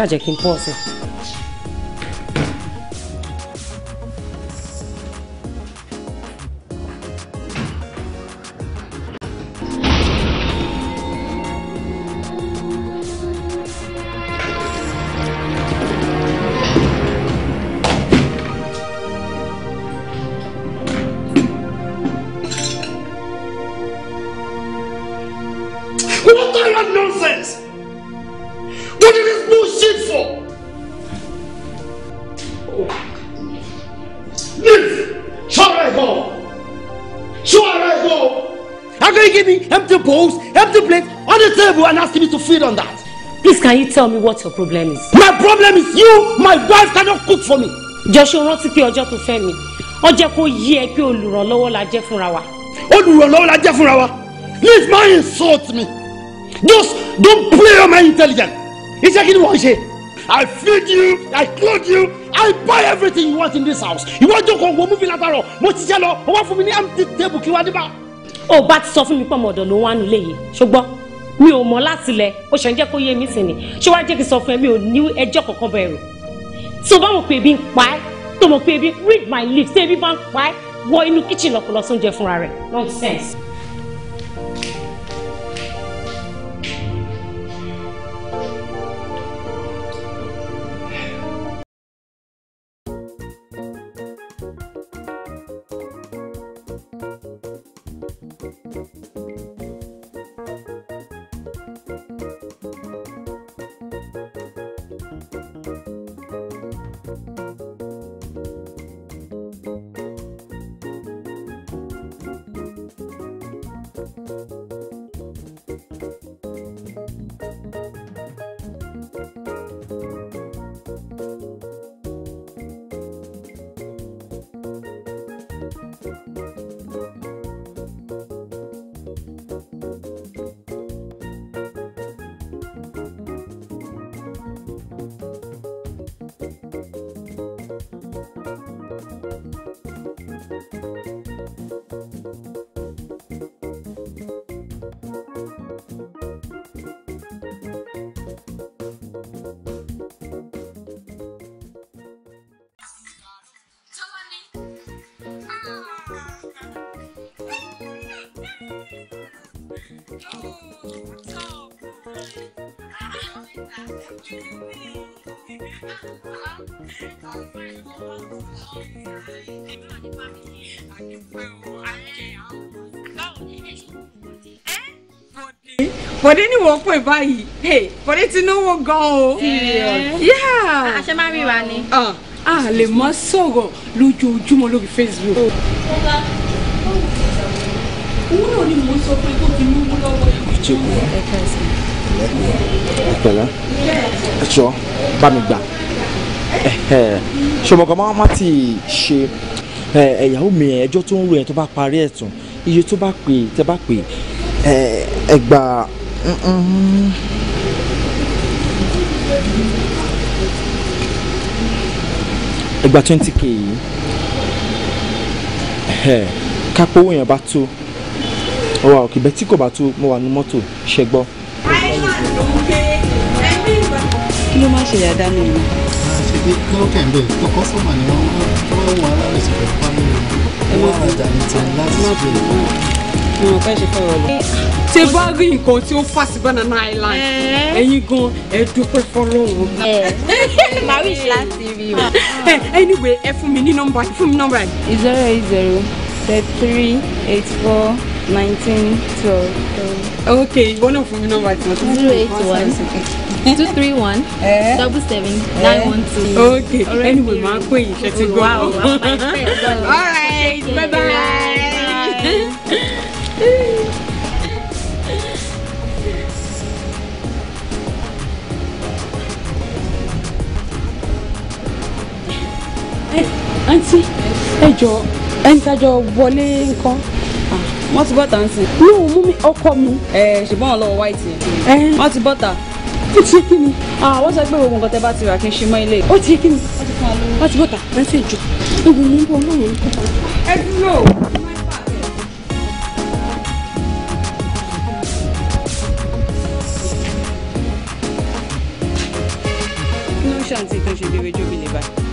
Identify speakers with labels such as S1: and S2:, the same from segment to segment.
S1: ṣàjẹ́ kí n pọ̀ sí tell me what your problem is. my problem is you my wife cannot cook for me. jọ́sọ̀ rántí pé ọjọ́ tó fẹ́ mi wọ́n jẹ́ kó yí ẹ pé olùrànlọ́wọ́ la jẹ́ fúnra wa.
S2: olùrànlọ́wọ́ la jẹ́ fúnra wa leave my insult me just don't play on my intelligence iṣẹ́ kí ni wọ́n ṣe. I feed you, I clothe you, I buy everything you want in this house. Ìwọ jókòó wo múfin látàrọ̀, mo ti jẹ́ lọ, o wá fún mi ní empty table kí wá dé bá. O bá ti sọ fún mi pọ̀ mọ̀dọ̀ ló
S1: wá nulẹ̀ yìí, ṣùgbọ́n mi ò mọ̀ láti lẹ̀ ó ṣe ń jẹ́ kó yé mi sí ni ṣé wàá jẹ́ kí n sọ fún ẹ mi ò ní ẹjọ́ kankan bẹ̀rù tí bá mọ̀ pé ebi ń pa ẹ́ tó mọ̀ pé ebi read my lips tí ebi bá ń pa ẹ́ wọ inú kíchìn lọ́kọ̀lọ́sọ oúnjẹ fúnra rẹ̀ nonsense.
S3: bọ̀dé ni wọ́n pè báyìí bọ̀dé ti náwó gan-an o. àṣẹ máa ríra ni. Ah, a lè mọ sọ̀rọ̀ lójoojúmọ́ lórí Facebook. owó náà ni mò ń sọ pé kó ti mú lọ́wọ́. ìjẹ́kùn ẹ̀ka ẹ̀sìn
S2: pẹ̀lẹ́ ẹ̀ṣọ́ bá mi gbà ṣọmọkàn máa má ti ṣe ẹ̀yàwó mi ẹjọ́ tó ń ro yẹn tó bá parí ẹ̀tàn iye tó bá pè tẹ́ bá pè ẹgbà ẹgbà twenty k yìí kápẹ́ owó yẹn bá tó ọwọ́ òkè bẹ́ẹ̀ tí kò bá tó mo wà ní mọ́tò ṣẹ́gbọ́n.
S4: ló máa
S3: ṣe yàda mi nù. ṣèbí kí ló kẹ̀ ń
S2: bẹ̀ tó kọ́sọ̀mà ni wọ́n wọ́n wọ ara rẹ̀ sọ̀rọ̀
S3: wọn wọ́n àjà ní láti ṣe ìwọ̀n. wọn fẹ́ ṣe fẹ́ rọlẹ̀. ṣé bá rí nǹkan tí ó fà sí Banana Island eh? ẹ̀yin gan ẹ dúpẹ́ fọlọ́run. Eh.
S5: màrí ṣe láti rí
S3: o. Eh, anyway ẹ fún mi ní nọ́mbà fún mi nọ́mbà yìí. zero eight zero thirty three eight four nineteen twelve. ok ìwọ náà fún mi nọ́mbà tí mo tún fún mi. zero eight one two three one eh?
S5: double seven eh? nine one two. okay anyway màá Queen, yín ṣe ti gbọ́. all right bye bye. bye.
S3: Hey Joe. ẹnìtajọ wọlé nǹkan. Ah, wọ́n ti bọ́ta ń sìn. mi ò mú mi ọkọ mi. ẹ eh, ṣùgbọ́n ọlọ́wọ́ white Eh. What's ti bọ́ta ó ti yé kí ni. àwọn ah, sọ pé gbogbo nǹkan tẹ bá ti rà kí n ṣe mọ ilé. ó ti yé kí ni. wọ́n ti bọ́ta ẹ̀ ń ṣe ewu mi ń bọ̀ lóyún ní ẹ dúró. kí ló ń ṣàǹtí tó ṣe bí rẹjọ́ mi lè báyìí.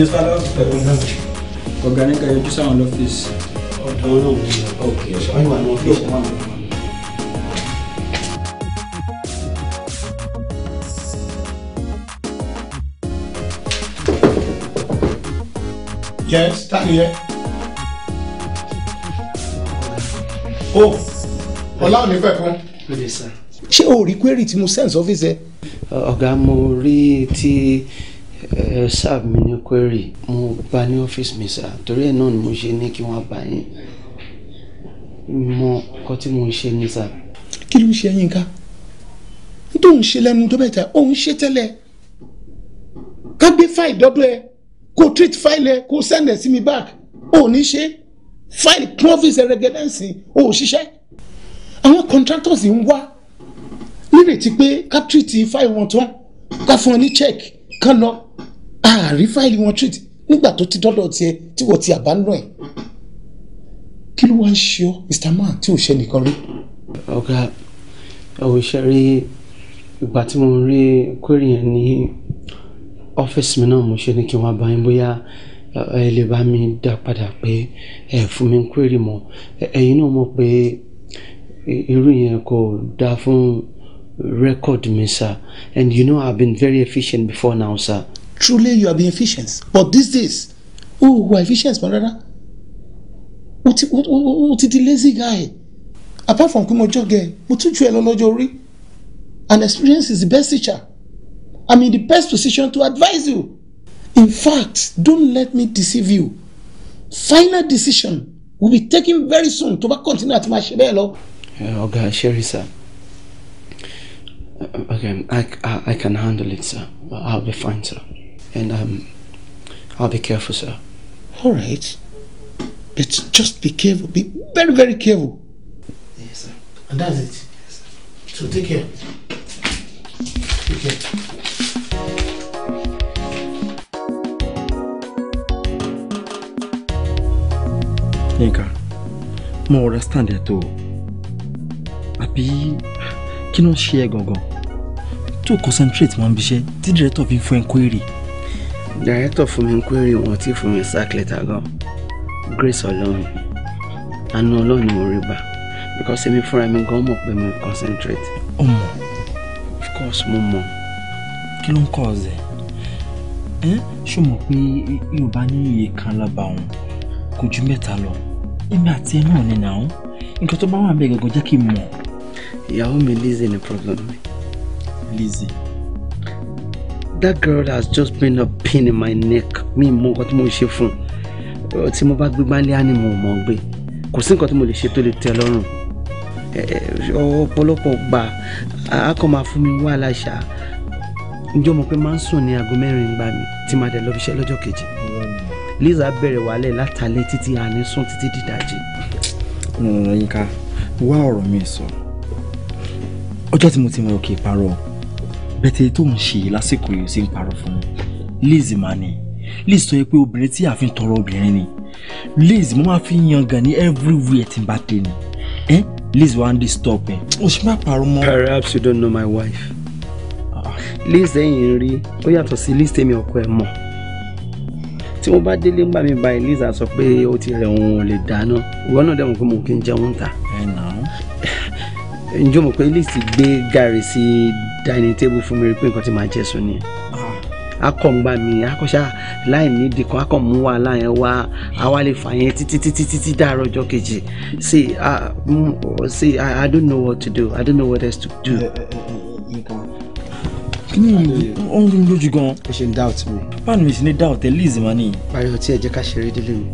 S2: ní sálọ pẹ̀lú náà. ọ̀gá ní ká no sáwọn lọ́fíìsì. ọ̀dọ̀ náà ni ọ̀kẹ́ ọ̀ṣọ́ ìwà ní Yes, tani yẹ. Oh, ọlá ò ní pẹ̀ fún. ṣé o rí query tí mo sense ọ́fíìsì ẹ. ọ̀gá mo rí ti. Uh, ẹ serve mi ní query mo bá ní ọ́fíìsì mi sá torí ẹ̀ náà ni mo ṣe ní kí wọ́n bá yín mọ ọkọ tí mo ń ṣe ní sá. kí ló ń ṣe yín ká tó ń ṣe lẹ́nu tó bẹ̀ẹ̀ ó ń ṣe tẹ́lẹ̀ ká gbé fáìlì dọ́dọ̀ ẹ kó treat fáìlì ẹ kó send ẹ sí mi back ó ní ṣe fáìlì province ẹrẹgẹdẹ́ǹsì ó ṣiṣẹ́ àwọn contractors ń wá nírètí pé ká treat fáìlì wọn tán ká fún ọ ní check ká lọ àárí ah, fáìlì wọn treat nígbà tó ti dọ́dọ̀ tiẹ̀ tí wọ́n ti àbánú ẹ̀ kí ló wá ń ṣe ọ́ Mr. Man tí ò ṣe nìkan rí. ọ̀gá ẹ̀wọ̀ iṣẹ́ rí ìgbà tí mo rí query yẹn ní ọ́fíìsì mi náà mo ṣe ní kí wọ́n bá yín bóyá ẹ lè bá mi dá padà pé ẹ fún mi query mọ́ ẹ̀yin náà mọ̀ pé irú yẹn kò dáa fún record mi sir and you know I have been very efficient before now sir truly you are being efficient but these days who who wà efficient mọ́ rárá what what o ti di lazy guy apart from pé mo jọ gẹ mo tún ju ẹ lọ lọ́jọ́ orí and experience is the best teacher i'm in the best position to advise you in fact don't let me deceive you final decision will be taken very soon To back continue àti máa ṣe bẹ́ẹ̀ lọ. sherry eh, sir eh, eh, okay I, i can handle it sir i'll be fine sir and um, I'll be careful, sir. All right. But just be careful. Be very, very careful. Yes, sir. And that's it. Yes, sir. so take care. Take care. Yinka, mo understand ẹ̀ tó o. Àbí kí ló ń ṣe concentrate máa ń bíṣẹ́ tí director fi ń fún ẹ director fún mi ń query wọn tí fún mi sack letter gan grace ọlọ́run àánú ọlọ́run ni mo rí gbà because èmi fúnra mi gan mọ̀ pé mo ń concentrate. ọmọ of course mo mọ̀. kí ló ń kọ́ ọ̀sẹ̀ ẹ́ ṣó mọ̀ pé yorùbá ní iye kan lábà òun kò ju mẹ́ta lọ èmi àti ẹ náà nínú àwọn nǹkan tó bá wà ń bẹ gẹ́gẹ́ jẹ́ kí n mọ̀. ìyàwó mi Lizzie ni problem mi. Lizzie that girl has just been a pain in my neck mi mọ nǹkan tí mo ṣe fún un tí mo bá gbé gbálẹ́ á ni mo mọ̀ gbé kò sí nǹkan tí mo lè ṣe tó lè tẹ́ lọ́rùn ọ̀pọ̀lọpọ̀ gbà á kàn máa fún mi wàhálà ṣá njọ́ mọ̀ pé máa ń sùn ní aago mẹ́rin gbà mí tí màá dẹ̀ lọ fi iṣẹ́ lọ́jọ́ kejì Liza bẹ̀rẹ̀ wàhálẹ̀ látàlẹ́ títí àní sùn títí dìdàjì. Yínká wá ọ̀rọ̀ mi sọ ọjọ́ tí mo ti mọ̀ òkè ìparọ́ ọ̀ bẹ́tẹ̀ tó ń ṣe lásìkò yìí sí ń parọ́ fún mi Liz mà sọ pé obìnrin tí àfin tọrọ obìnrin ni Liz mo máa fi yan gan ní everywhere tí n bá dé ni eh? Liz wan dey stop ẹ o ṣe má parọ́ mọ́. perhaps you don't know my wife. Ah. Liz ẹ̀yìn rí ó yàtọ̀ sí Liz tèmi ọkọ ẹ̀ mọ̀ tí wọ́n bá délé ńgbà mi báyìí Liz á sọ pé ó ti rẹ̀ òun ò lè dáná ìwọ náà dẹ̀mọ̀ pé mo kì í jẹun ta. ẹ nà án. ǹjọ́ mọ̀ pé Liz gbé gàrí sí dining table fún mi rí pé nǹkan tí màá jẹ ni akọ̀ǹgbà mi akọ̀ṣà láì nídìí kan akọ̀mú wa láyẹn wá awálè fà títí títí títí dàárọ̀ ọjọ́ kejì see uh, I, don't know what to do I don't know what else to do. Eh, eh, eh, kí ni ó ń lójú gan-an. ó ṣe ń doubt mi. báwo ni mi sì ní doubt ẹ Liz mà ní. báyọ̀ tí ẹ jẹ́ ká ṣeré délé mi.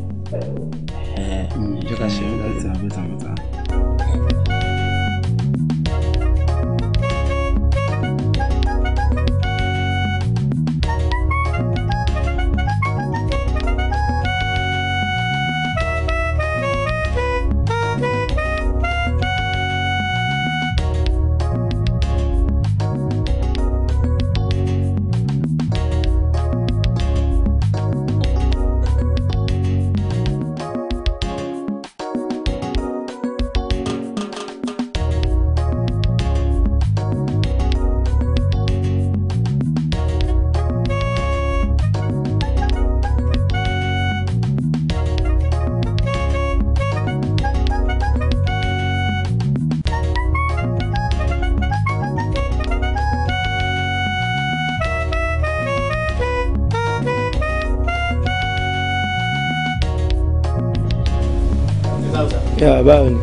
S2: báwo ni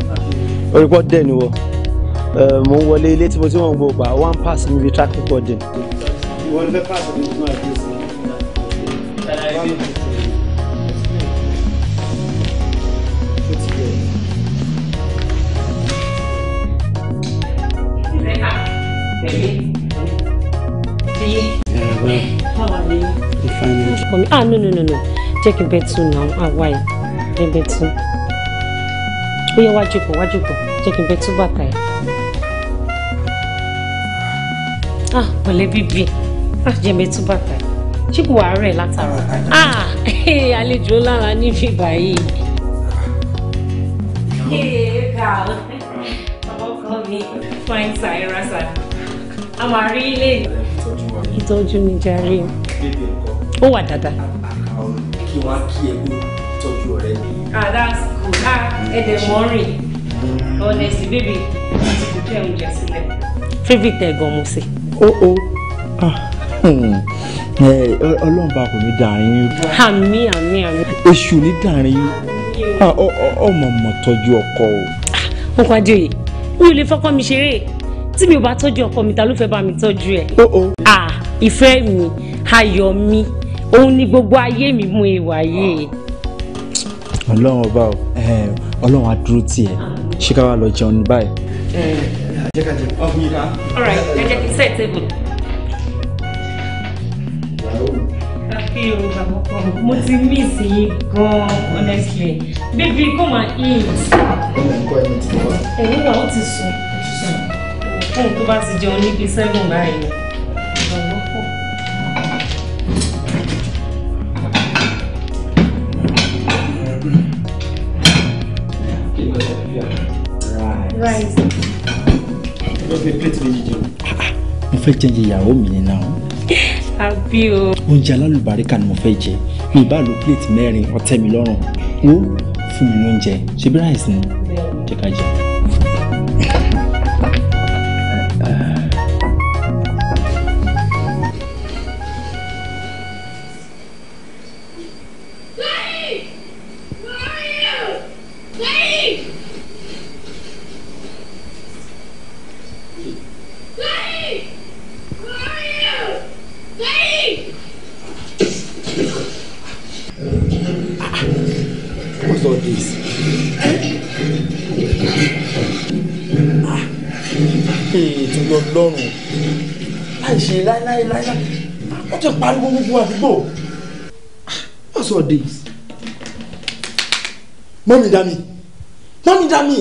S2: orípọ̀ dẹ̀ ni wọ mo ń wọlé ilé tí mo ti wọ́n gbọ́ gbà one pass níbi traffic warden. ìwọ ni fẹ́ pass mi fún àdúrà.
S1: Ah, no, no, no, no. Jẹ́ kí n bẹ tún náà, àwa ẹ̀, ẹ bẹ tún bóyá wá jókòó wá jókòó jẹ́ kí n bẹ tú bàtà ẹ̀. ah pẹ̀lẹ́ bíbí ah jẹ́ bẹ tú bàtà ẹ̀ ṣé kò wá rẹ̀ látara ah àlejò lára níbi báyìí. Hey, pal. Ọmọ mi, fine side, rasa. A máa rí ilé. Ìtọ́jú mi jàre. Ó wà dáadáa ah that's good ah ẹ̀dẹ̀ honestly baby you àti kò jẹ́ oúnjẹ sílẹ̀. favourite ẹ̀gàn mo oh. ó oh.
S2: ó ah, hmm. ọlọ́run bá kò ní dàrin yín. àmín àmín àmín. èṣù ní dàrin yín ah, ọmọ mọ̀ tọ́jú ọkọ o.
S1: mo kọ́ adéoyè mi ò lè fọkọ mi ṣeré tí mi ò bá tọ́jú ọkọ mi ta ló fẹ́ bá mi tọ́jú ẹ̀. ó ó. ìfẹ́ mi ayọ̀ mi òun ni gbogbo ayé mi mú ìwà yìí
S2: ọlọ́run ọba o ọlọ́run á dúró tiẹ̀ ṣé ká wá lọ jẹun ní báyìí. ẹ ẹ jẹ́ ká jẹ ọkùnrin ká.
S1: ọ̀rẹ́ ẹ mo ti mí sí i gan honestly baby come and eat. ọmọ nǹkan ẹni tí mo wá. ẹ̀yin náà ó ti sùn. ẹ̀yin tó bá ti jẹun níbi sẹ́gun báyìí.
S2: fẹ́ jẹ ìyàwó mi ni náà. àbí o. oúnjẹ alálùbáríkà ni mo fẹ́ jẹ mi ì bá lo plate mẹ́rin ọ̀tẹ̀ mi lọ́rùn wo fún mi lóúnjẹ ṣe bí
S6: ráìsì ni jẹ́ ká jẹ.
S2: gbogbo àdúgbò what's all this mọ́mí dami mọ́mí dami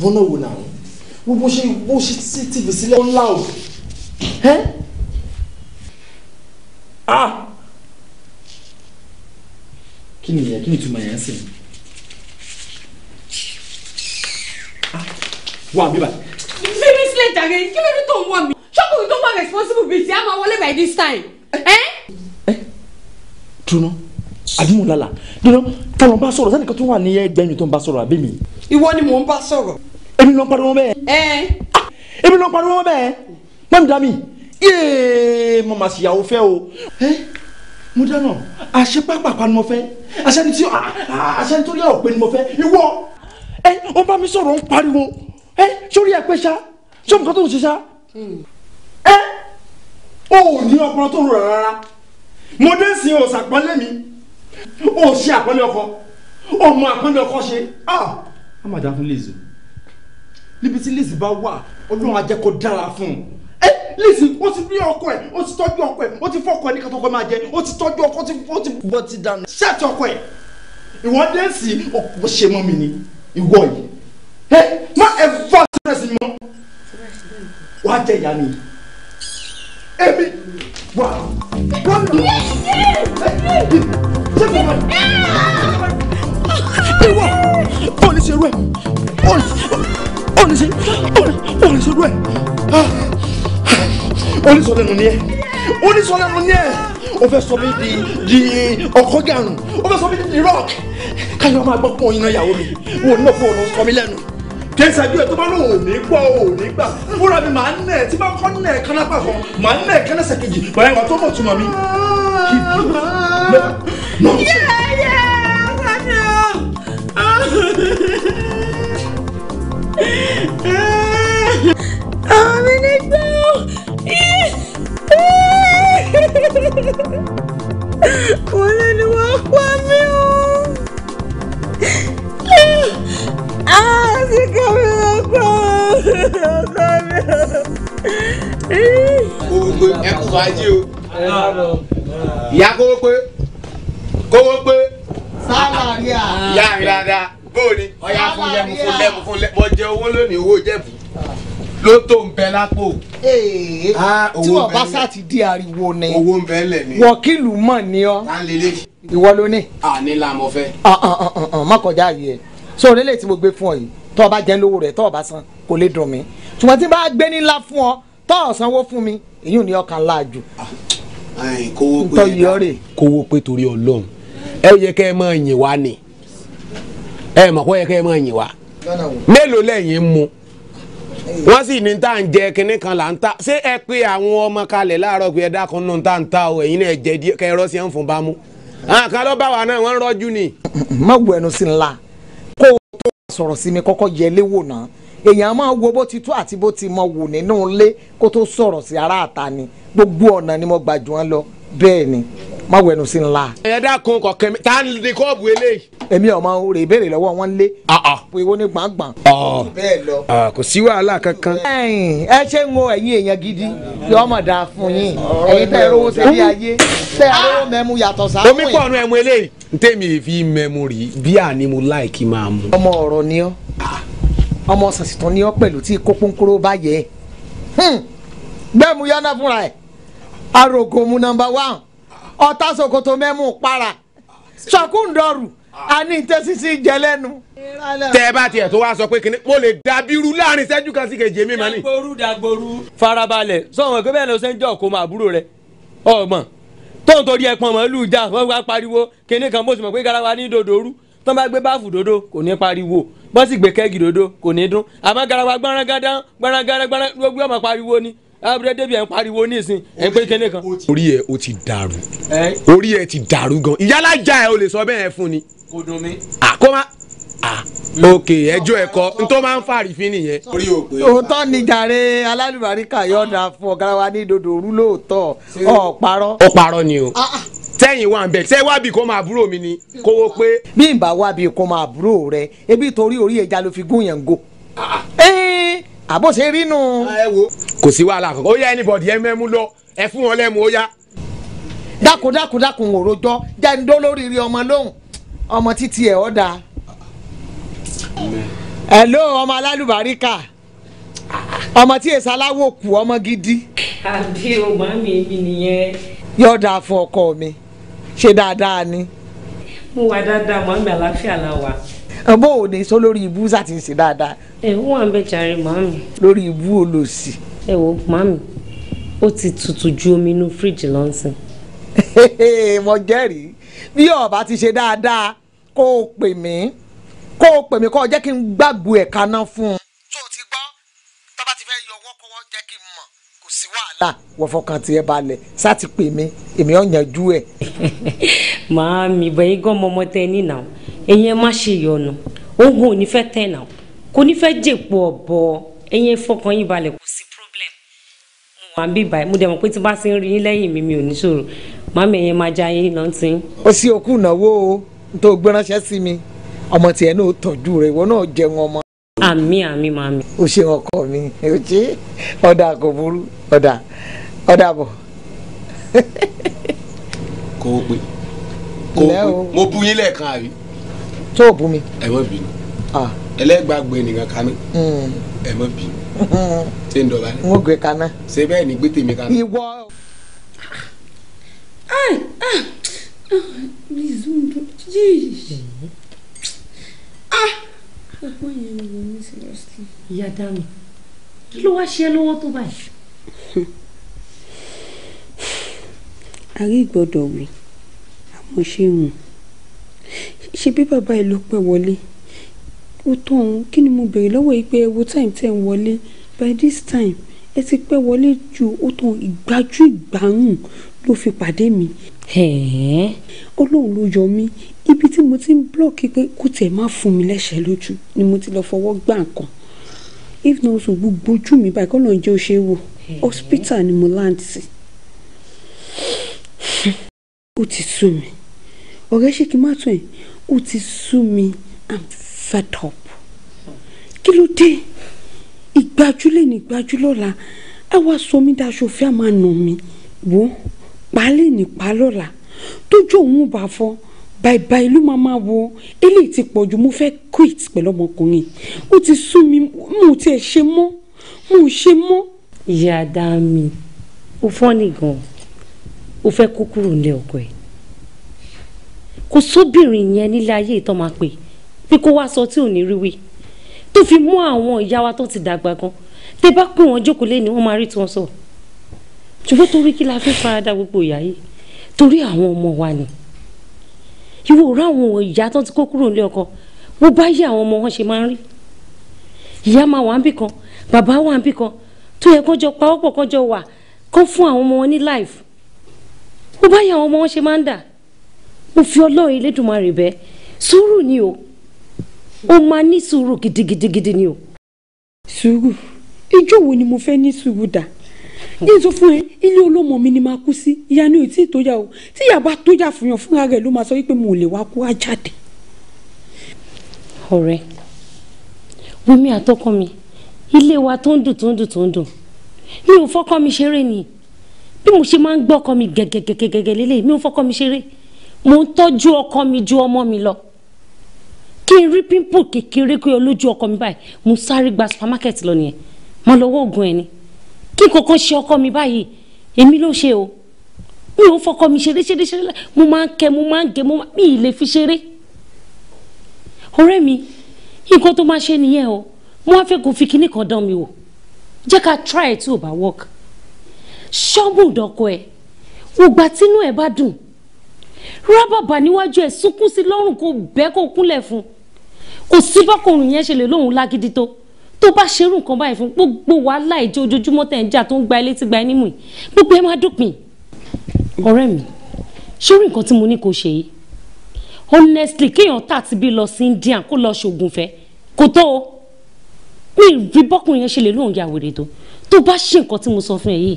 S2: wọ́n náà wò náà gbogbo ṣe bó ṣe sí tv sílẹ̀ ńlá o ẹ́ ah kí ni ìyẹn kí ni ìtumọ̀ yẹn sìn wà mí báyìí.
S3: fífi sílẹ̀ jàre kí ló dé tó ń wà mí more responsible bíi ti a máa wọlé by this time.
S2: dunu eh? eh? àbí mo lálà dunu táwọn bá sani kan tó wà ní ẹgbẹ́ mi tó ń bá sọ̀rọ̀ àbí mi. ìwọ ni mò ń bá sọ̀rọ̀. èmi ló ń pariwo bẹ́ẹ̀. Eh? Ah! èmi ló ń pariwo bẹ́ẹ̀ mọ́mí dá mi yéé mo máa ṣìyàwó fẹ́ o mo dáná àṣepápàpá ni mo fẹ́ àṣẹni tí àṣẹni tó yà ọ̀pẹ ni mo fẹ́ ìwọ ẹ ó bá mi sọ̀rọ̀ ń pariwo ẹ sórí ẹ pé ṣá sọ nǹkan tó ń ṣe ṣá. Hmm ẹ o ò ní ọpọlọ tó rọrùn rárá mo dé sí òsàpọ́nlé mi o ò ṣe àpọ́nlé ọkọ o mọ àpọ́nlé ọkọ ṣe ah a máa dá fún Lizzy níbi tí Lizzy bá wà Ọlọ́run á jẹ́ kó dára fún un ẹ Lizzy o ti rí ọkọ ẹ o ti tọ́jú ọkọ ẹ o ti fọkọ ẹ ní kátó ọkọ máa jẹ o ti tọ́jú ọkọ o ti bọ́ ti dànù ṣẹ́ẹ̀tì ọkọ ẹ ìwọ dé sí ọkọ ṣe mọ́ mi ni ìwọ yìí ẹ má ẹ fọ́ sílẹ̀ sí mọ́ wàá jẹ ìyá mi. Emi, wà wọ́n
S4: lọ. ṣé kò
S2: wọ́n. ìwọ ò ní ṣe rú ẹ ò ní ṣe ò ní ṣe rú ẹ onísọlẹ́nu ni ẹ onísọlẹ́nu ni ẹ o fẹ́ sọ mi di di ọkọ gàrún o fẹ́ sọ mi di di rock káyọ̀ máa gbọ́ pọ̀ yín náà yàwó mi wò ó ní ọ̀pọ̀ ọ̀nà sọ mi lẹ́nu kẹsà bí ẹ tó bá lò ò ní gbọ́ ò ní gbà fúnra mi màá nà ẹ tí bá kọ́ nà ẹ kánápà kan màá nà ẹ kánásẹ̀ kejì bàyẹn wà tó mọ̀ tuma mi. Àwọn
S4: ẹni ah. ah, gbọ́ wọ́n lẹ́nu wọ́n pa mí o sí kí mi lọ kọ́ ọkọ
S2: mi o. gbogbo ẹ kú fàájì o. ìyá kówó pé kówó pé. sábà ní à. ìyá mi dáadáa bóò ni ọyá fún lẹ́mu fún lẹ́mu fún lẹ́mu ọjọ́ owó lónìí owó jẹ̀bù ló tó ń bẹ lápò. Ah, tí wọ́n bá sá ti di ariwo ni wọ́kìlù mọ̀ ni ọ́ ìwọ ló ní. àní la mọ̀ fẹ́. Ah, ah, má kọjá yìí ẹ̀ so onílé tí mo gbé fún ọ yìí tọ́ ọ bá jẹ́ lówó rẹ̀ tọ́ ọ bá san kò lè dùn mí ṣùgbọ́n tí bá gbé nílá fún ọ tọ́ ọ sanwó fún mi èyí ò ní ọkàn láàjù. kówó pé torí ọlọ́run ẹ yẹ kẹ́ ẹ máa yìn wá ni ẹ mọ̀ kó yẹ kẹ́ ẹ máa yìn wá mélòó lẹ́yìn mu wọ́n sì ní tá à ń jẹ kinní kan là ń ta ṣé ẹ pé àwọn ọmọ kalẹ̀ láàárọ̀ pé ẹ dákun nù tá à ń ta o ẹ̀yin náà jẹ díẹ̀ kẹ́ ẹ rọ́ sí ẹ̀ ń fún bámú àwọn kan bá wa náà wọ́n ń rọ́jú ni. má wù ẹnu sí ńlá sọ̀rọ̀ sí mi kọ́kọ́ yẹlé wò náà èèyàn máa wo bó ti tó àti bó ti mọ wò nínú ilé kó tó sọ̀rọ̀ sí aráàta ni gbogbo ọ̀nà ni mo gbà jù wọ́n lọ bẹ́ẹ̀ ni má wẹnu sí ńlá. ẹ dákun kọ̀kẹ́ mi tá a lè kọ́ọ̀bù eléyìí. èmi ọmọ rè béèrè lọ́wọ́ wọn lé. Ah, ah. pé wo ni gbàngbàn. bẹ́ẹ̀ lọ. Ah, kò sí wàhálà kankan. ẹ ṣe ń wo ẹ̀yin èèyàn gidi yóò mọ̀ dáa fún yín ẹ̀yin tẹ́ ẹ rówó sílé ayé tẹ́ ẹ rówó mẹ́mu yàtọ̀ sáà fún yín. omi pọ̀ nù ẹ̀mú eléyìí ntẹ́mi fi mẹ́mórì bíà ni mo láìkí máa mu. ọmọ ọ̀rọ̀ ni ọ́ ah. ọmọ sàṣìtàn ni ọ́ pẹ̀lú tí kó pọ́nkúrò bá yẹ hmm. gbẹ́mu yánná fúnra ẹ̀ arogomu nọmba one ọ̀tá ṣòkòtò mẹ́mú para ṣọkúndọ̀rù àní tẹ́sísí jẹ lẹ́nu. tẹ ẹ bá tiẹ̀ tó wá sọ pé kìnìún mo lè da bírú láàrin ìṣẹ́jú kan sí kejì mi mà dagboru dagboru. farabalẹ̀ sọ̀rọ̀ pé bẹ́ẹ̀ ni o ṣe ń jọ kó máa búrò tóun torí ẹpọn màálù já wọn wá pariwo kíní kan bó sì mọ̀ pé garawa ní dòdòrú tó bá gbé báàfù dòdò kò ní pariwo bó sì gbé kẹ́gì dòdò kò ní dún àmọ́ garawa gbọ́nrangadán gbọ́nrangadán gbọ́nran gbogbo ọmọ pariwo ni abúlé débi ẹ̀ ń pariwo nísìn ẹ̀ ń pé kíní kan. orí ẹ o ti dàrú orí ẹ ti dàrú gan ìyálàjà ẹ o lè sọ bẹ́ẹ̀ fún ni. kò dùn mí. àkọ́má òkè ẹjọ ẹkọ ntọ máa ń fàrífín nìyẹn. òótọ́ ni jàre fún ní dodo òru lóòótọ́ ọ̀parọ́. ni o ah, ah. tẹ́yìn wà ń bẹ̀ tẹ́ wábì kó máa búrò mi ni kówó pé. bí n bá wábì kó máa búrò rẹ ebi torí orí ẹja ló fi gún yẹn go. Ah, wàhálà kankan ó anybody ẹ mẹ́mú lọ ẹ fún wọn lẹ́mu ó yá. jẹ́ ń dó ọmọ lóhùn ọmọ títí ẹ̀ ọ́ dáa. hello ọmọ alálùbáríkà ọmọ tí èsì aláwọ̀ kù ọmọ gidi. àbí o màmí mi nìyẹn. yóò dáa fún ọkọ mi ṣe dáadáa ni.
S1: mo wà dáadáa màmí àlàáfíà la
S2: wà bó o ní sọ lórí ibú sàti ń ṣe dáadáa. ẹ ń wà bẹ jàre màmí. lórí ibú
S1: olòṣì. ẹ wo màmí ó ti tutù ju omi inú fíríjì lọ́sìn.
S2: mo jẹ́rìí bí ọba ti ṣe dáadáa kó o pè mí kó o pè mí kó o jẹ́ kí n gbàgbó ẹ̀ kaná fún un. tó o ti gbọ́ tó bá ti fẹ́ yọ ọwọ́ kọ́wọ́ jẹ́ kí n mọ̀ kò sí wàhálà wọ́n fọkàn tiẹ̀ balẹ̀ sá pè mí èmi ò
S1: yanjú ẹ̀. màá mi bẹ̀ yín gan tẹ ní nà ẹ̀yin ẹ má ṣe yọnu oògùn ò tẹ̀ nà kò ní jèpọ̀ ọ̀bọ ẹ̀yin ẹ fọkàn yín balẹ̀ kò sí problem. mo wà ń bí báyìí mo dẹ̀ mọ̀ pé tí bá ti ń rí yín lẹ́yìn mi mi ò ní ṣòro màmí ẹ̀yin máa já yín lọ́ntì.
S2: ó sì òkú ìnáwó tó gbé sí mi ọmọ tiẹ̀ náà tọ́jú rẹ̀ ìwọ náà jẹun ọmọ. àmì àmì màmí. o ṣe ọkọ mi o ṣe ọ̀dà kò burú ọ̀dà ọ̀dà bọ̀. kò ó pé kò ó pé mo bú yín lẹ́ẹ̀kan àbí. tó o bú mi. ẹ mọ bínú ẹlẹgbàgbé nìkan kaná hmm. ẹ mọ bínú hmm. ṣé ń dọ̀bálẹ̀. n ó gbé kaná. ṣé bẹ́ẹ̀ ni gbé tèmi kaná. ìwọ.
S3: ai
S1: ah ah mi
S3: zundu jeez
S1: ọgbọ́n ah! yẹn ni mo ní seriously. ìyá dami kí ló wáá ṣe
S5: ẹ́ lọ́wọ́ tó báyìí.
S1: àrí
S3: gbọ́dọ̀ wí àmọ́ ṣé hùn ṣe bí bàbá ẹ ló pẹ́ wọlé ó tó òun kí ni mo béèrè lọ́wọ́ yìí pé ẹ wo time tẹ́ ń wọlé by this time ẹ ti pẹ́ wọlé ju ó tó ìgbájú ìgbárùn ló fi pàdé mi. ó ló yọ mí ibi tí mo ti ń blọ́ọ̀kì pé kò tiẹ̀ má fún mi lẹ́sẹ̀ lójú ni mo ti lọ fọwọ́ gbà nǹkan if not so gbogbo ojú mi báyìí kọ́ ló jẹ́ ó ṣe é wò hospital ni mo land sí ó ti sú mi ọ̀rẹ́ ṣe kí n má tún ẹ̀ ó ti sú mi i'm fed up kí ló dé ìgbájúlẹ̀ ní ìgbájúlọ́la á wá sọ mí daṣòfin á máa nà mí wò ó ní pàálọ́la tójú òun bá fọ́ bàìbàì ló máa máa wo eléyìí ti pọ̀ jù mo fẹ́
S1: quit pẹ̀lú ọmọkùnrin ó ti sú mi mo tiẹ̀ ṣe mọ́ mo ṣe mọ́. ìyá ada mi ò fọ́nì gan-an ó fẹ́ kó kúrò nílé ọkọ ẹ̀ kò sóbìnrin yẹn nílé ayé ìtàn máa pè pé kó wá sọ tí ò ní rí wí tó fi mú àwọn ìyá wa tó ti dàgbà gan tẹ bá pè wọn jókòó lé ni wọn máa rí tiwọn sọ ṣùgbọ́n torí kí la fi farada gbogbo ìyá yìí torí àwọn ọmọ wa ni ìwọ òrò àwọn ìyá tó ti kó kúrò nílé ọkọ wọ́n bá yí àwọn ọmọ wọn ṣe máa ń rí ìyá máa wà níbì kan bàbá wà níbì kan tó yẹ kán jọ pawọ́pọ̀ kán jọ wà kán fún àwọn ọmọ wọn ní life wọ́n bá yí àwọn ọmọ wọn ṣe máa ń dà mo fi ọlọ́run Elédùmarè bẹ́ẹ̀ sùúrù ni o ó máa ní sùúrù gidigidigidi ni o. sùúrù ijó wo ni mo
S3: fẹ́ ní sùúrù dà yín sọ fún ẹ ilé olómọ mi ni máa kú sí ìyá ni ò tí ì tójà o
S1: tí ìyá tójà fún fúnra rẹ ló máa sọ wípé mo lè wá kú ajáde. ọ̀rẹ́ wímí àtọkọ mi ilé wa tó ń dùn tó ń dùn tó ń dùn mi ò fọkọ mi ṣeré ni bí mo ṣe máa ń gbọ́ ọkọ mi gẹ́gẹ́gẹ́gẹ́gẹ́ lélẹ̀ mi ò fọkọ mi ṣeré mo ń tọ́jú ọkọ mi ju ọmọ mi lọ kí n rí pimple kékeré kó yọ lójú ọkọ mi báyìí mo sáré gba supermarket lọ nìyẹn mo lọ wọ oògùn ẹ ni kí kankan ṣe ọkọ mi báyìí èmi ló ṣe o mi ò fọkọ mi ṣeré ṣeré ṣeré mo máa ń kẹ mo máa ń gé mo mi ì lè fi ṣeré ọ̀rẹ́ mi nǹkan tó máa ṣe nìyẹn o mo wá fẹ́ kó fi kinní kan dán mi o jẹ́ ká try tí ò bá work ṣọ́ọ̀bù dọ̀kọ ẹ̀ ògbà tínú ẹ̀ bá dùn rábàbà níwájú ẹ̀ sunkún sí lọ́rùn kó bẹ́ẹ̀ kó kúnlẹ̀ fún kò sí bọ́kùnrin yẹn ṣe lè lóhùn lágídí tó tó bá ṣerú nǹkan báyìí fún gbogbo wàhálà ìjẹ ojoojúmọ́ tẹ̀ ń jà tó ń gba ilé tí gba ẹni mú yìí gbogbo ẹ máa dópin. ọ̀rẹ́ mi ṣórí nǹkan tí mo ní kò ṣe yìí honestly kéèyàn tà ti bí lọ sí India kó lọ ṣoògùn fẹ́ kò tó o mi rí bọ́kùnrin yẹn ṣe lè lóun ya wèrè tó tó bá ṣe nǹkan tí mo sọ fún ẹ yìí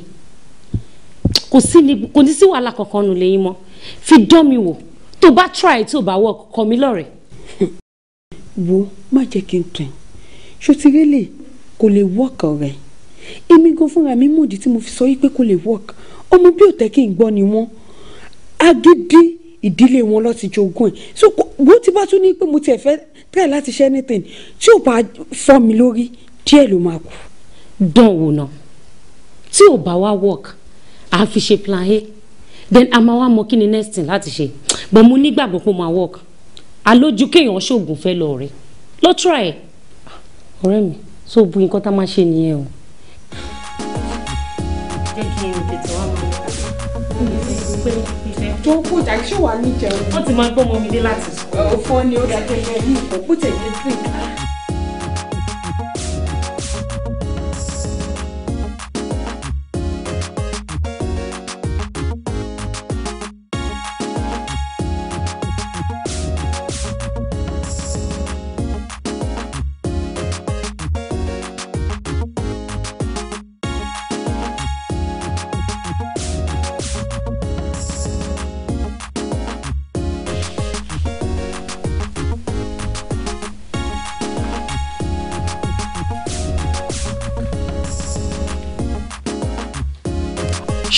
S1: kò ní sí wàhálà kankan nù lẹ́yìn mọ́ fi dán mi wò tó bá try tó bá work kọ́ mi lọ́rẹ̀ẹ́.
S3: wo má jẹ́ kí n tún ẹ̀ ṣòtírẹ́lẹ̀ kò lè work ọ̀rẹ́ èmi gan fúnra mi mọ̀dí tí mo fi sọ wípé kò lè work ọmọ bí òtẹ́ kí n gbọ́ ni wọ́n agídí ìdílé wọn lọ́ọ́ ti jogún ẹ̀ so bó ti bá tún ní pé mo tiẹ̀ fẹ́ try
S1: láti ṣe anything tí ò bá fọ́ mi lórí díẹ̀ ló máa kù. dán wò ná tí ò bá wá work à á fi ṣe plan a then a máa wá mọ kí ni next thing láti ṣe but mo nígbàgbọ́ pé ó máa work àlójú kéèyàn ṣoògùn fẹ́ lọ rẹ̀ lọ́ọ́ try ẹ̀ ọ̀rẹ́ mi so bu nǹkan tá a máa ṣe nìyẹn o. jẹ́ kí n tètè wá máa tó
S3: kù jàì ṣé wàá ní jẹun. wọ́n ti máa gbọ́ ọmọ mi dé láti ọ̀fọ́ ni ó dákẹ́ lẹ́yìn ìfọ̀kùtẹ̀ ní drink.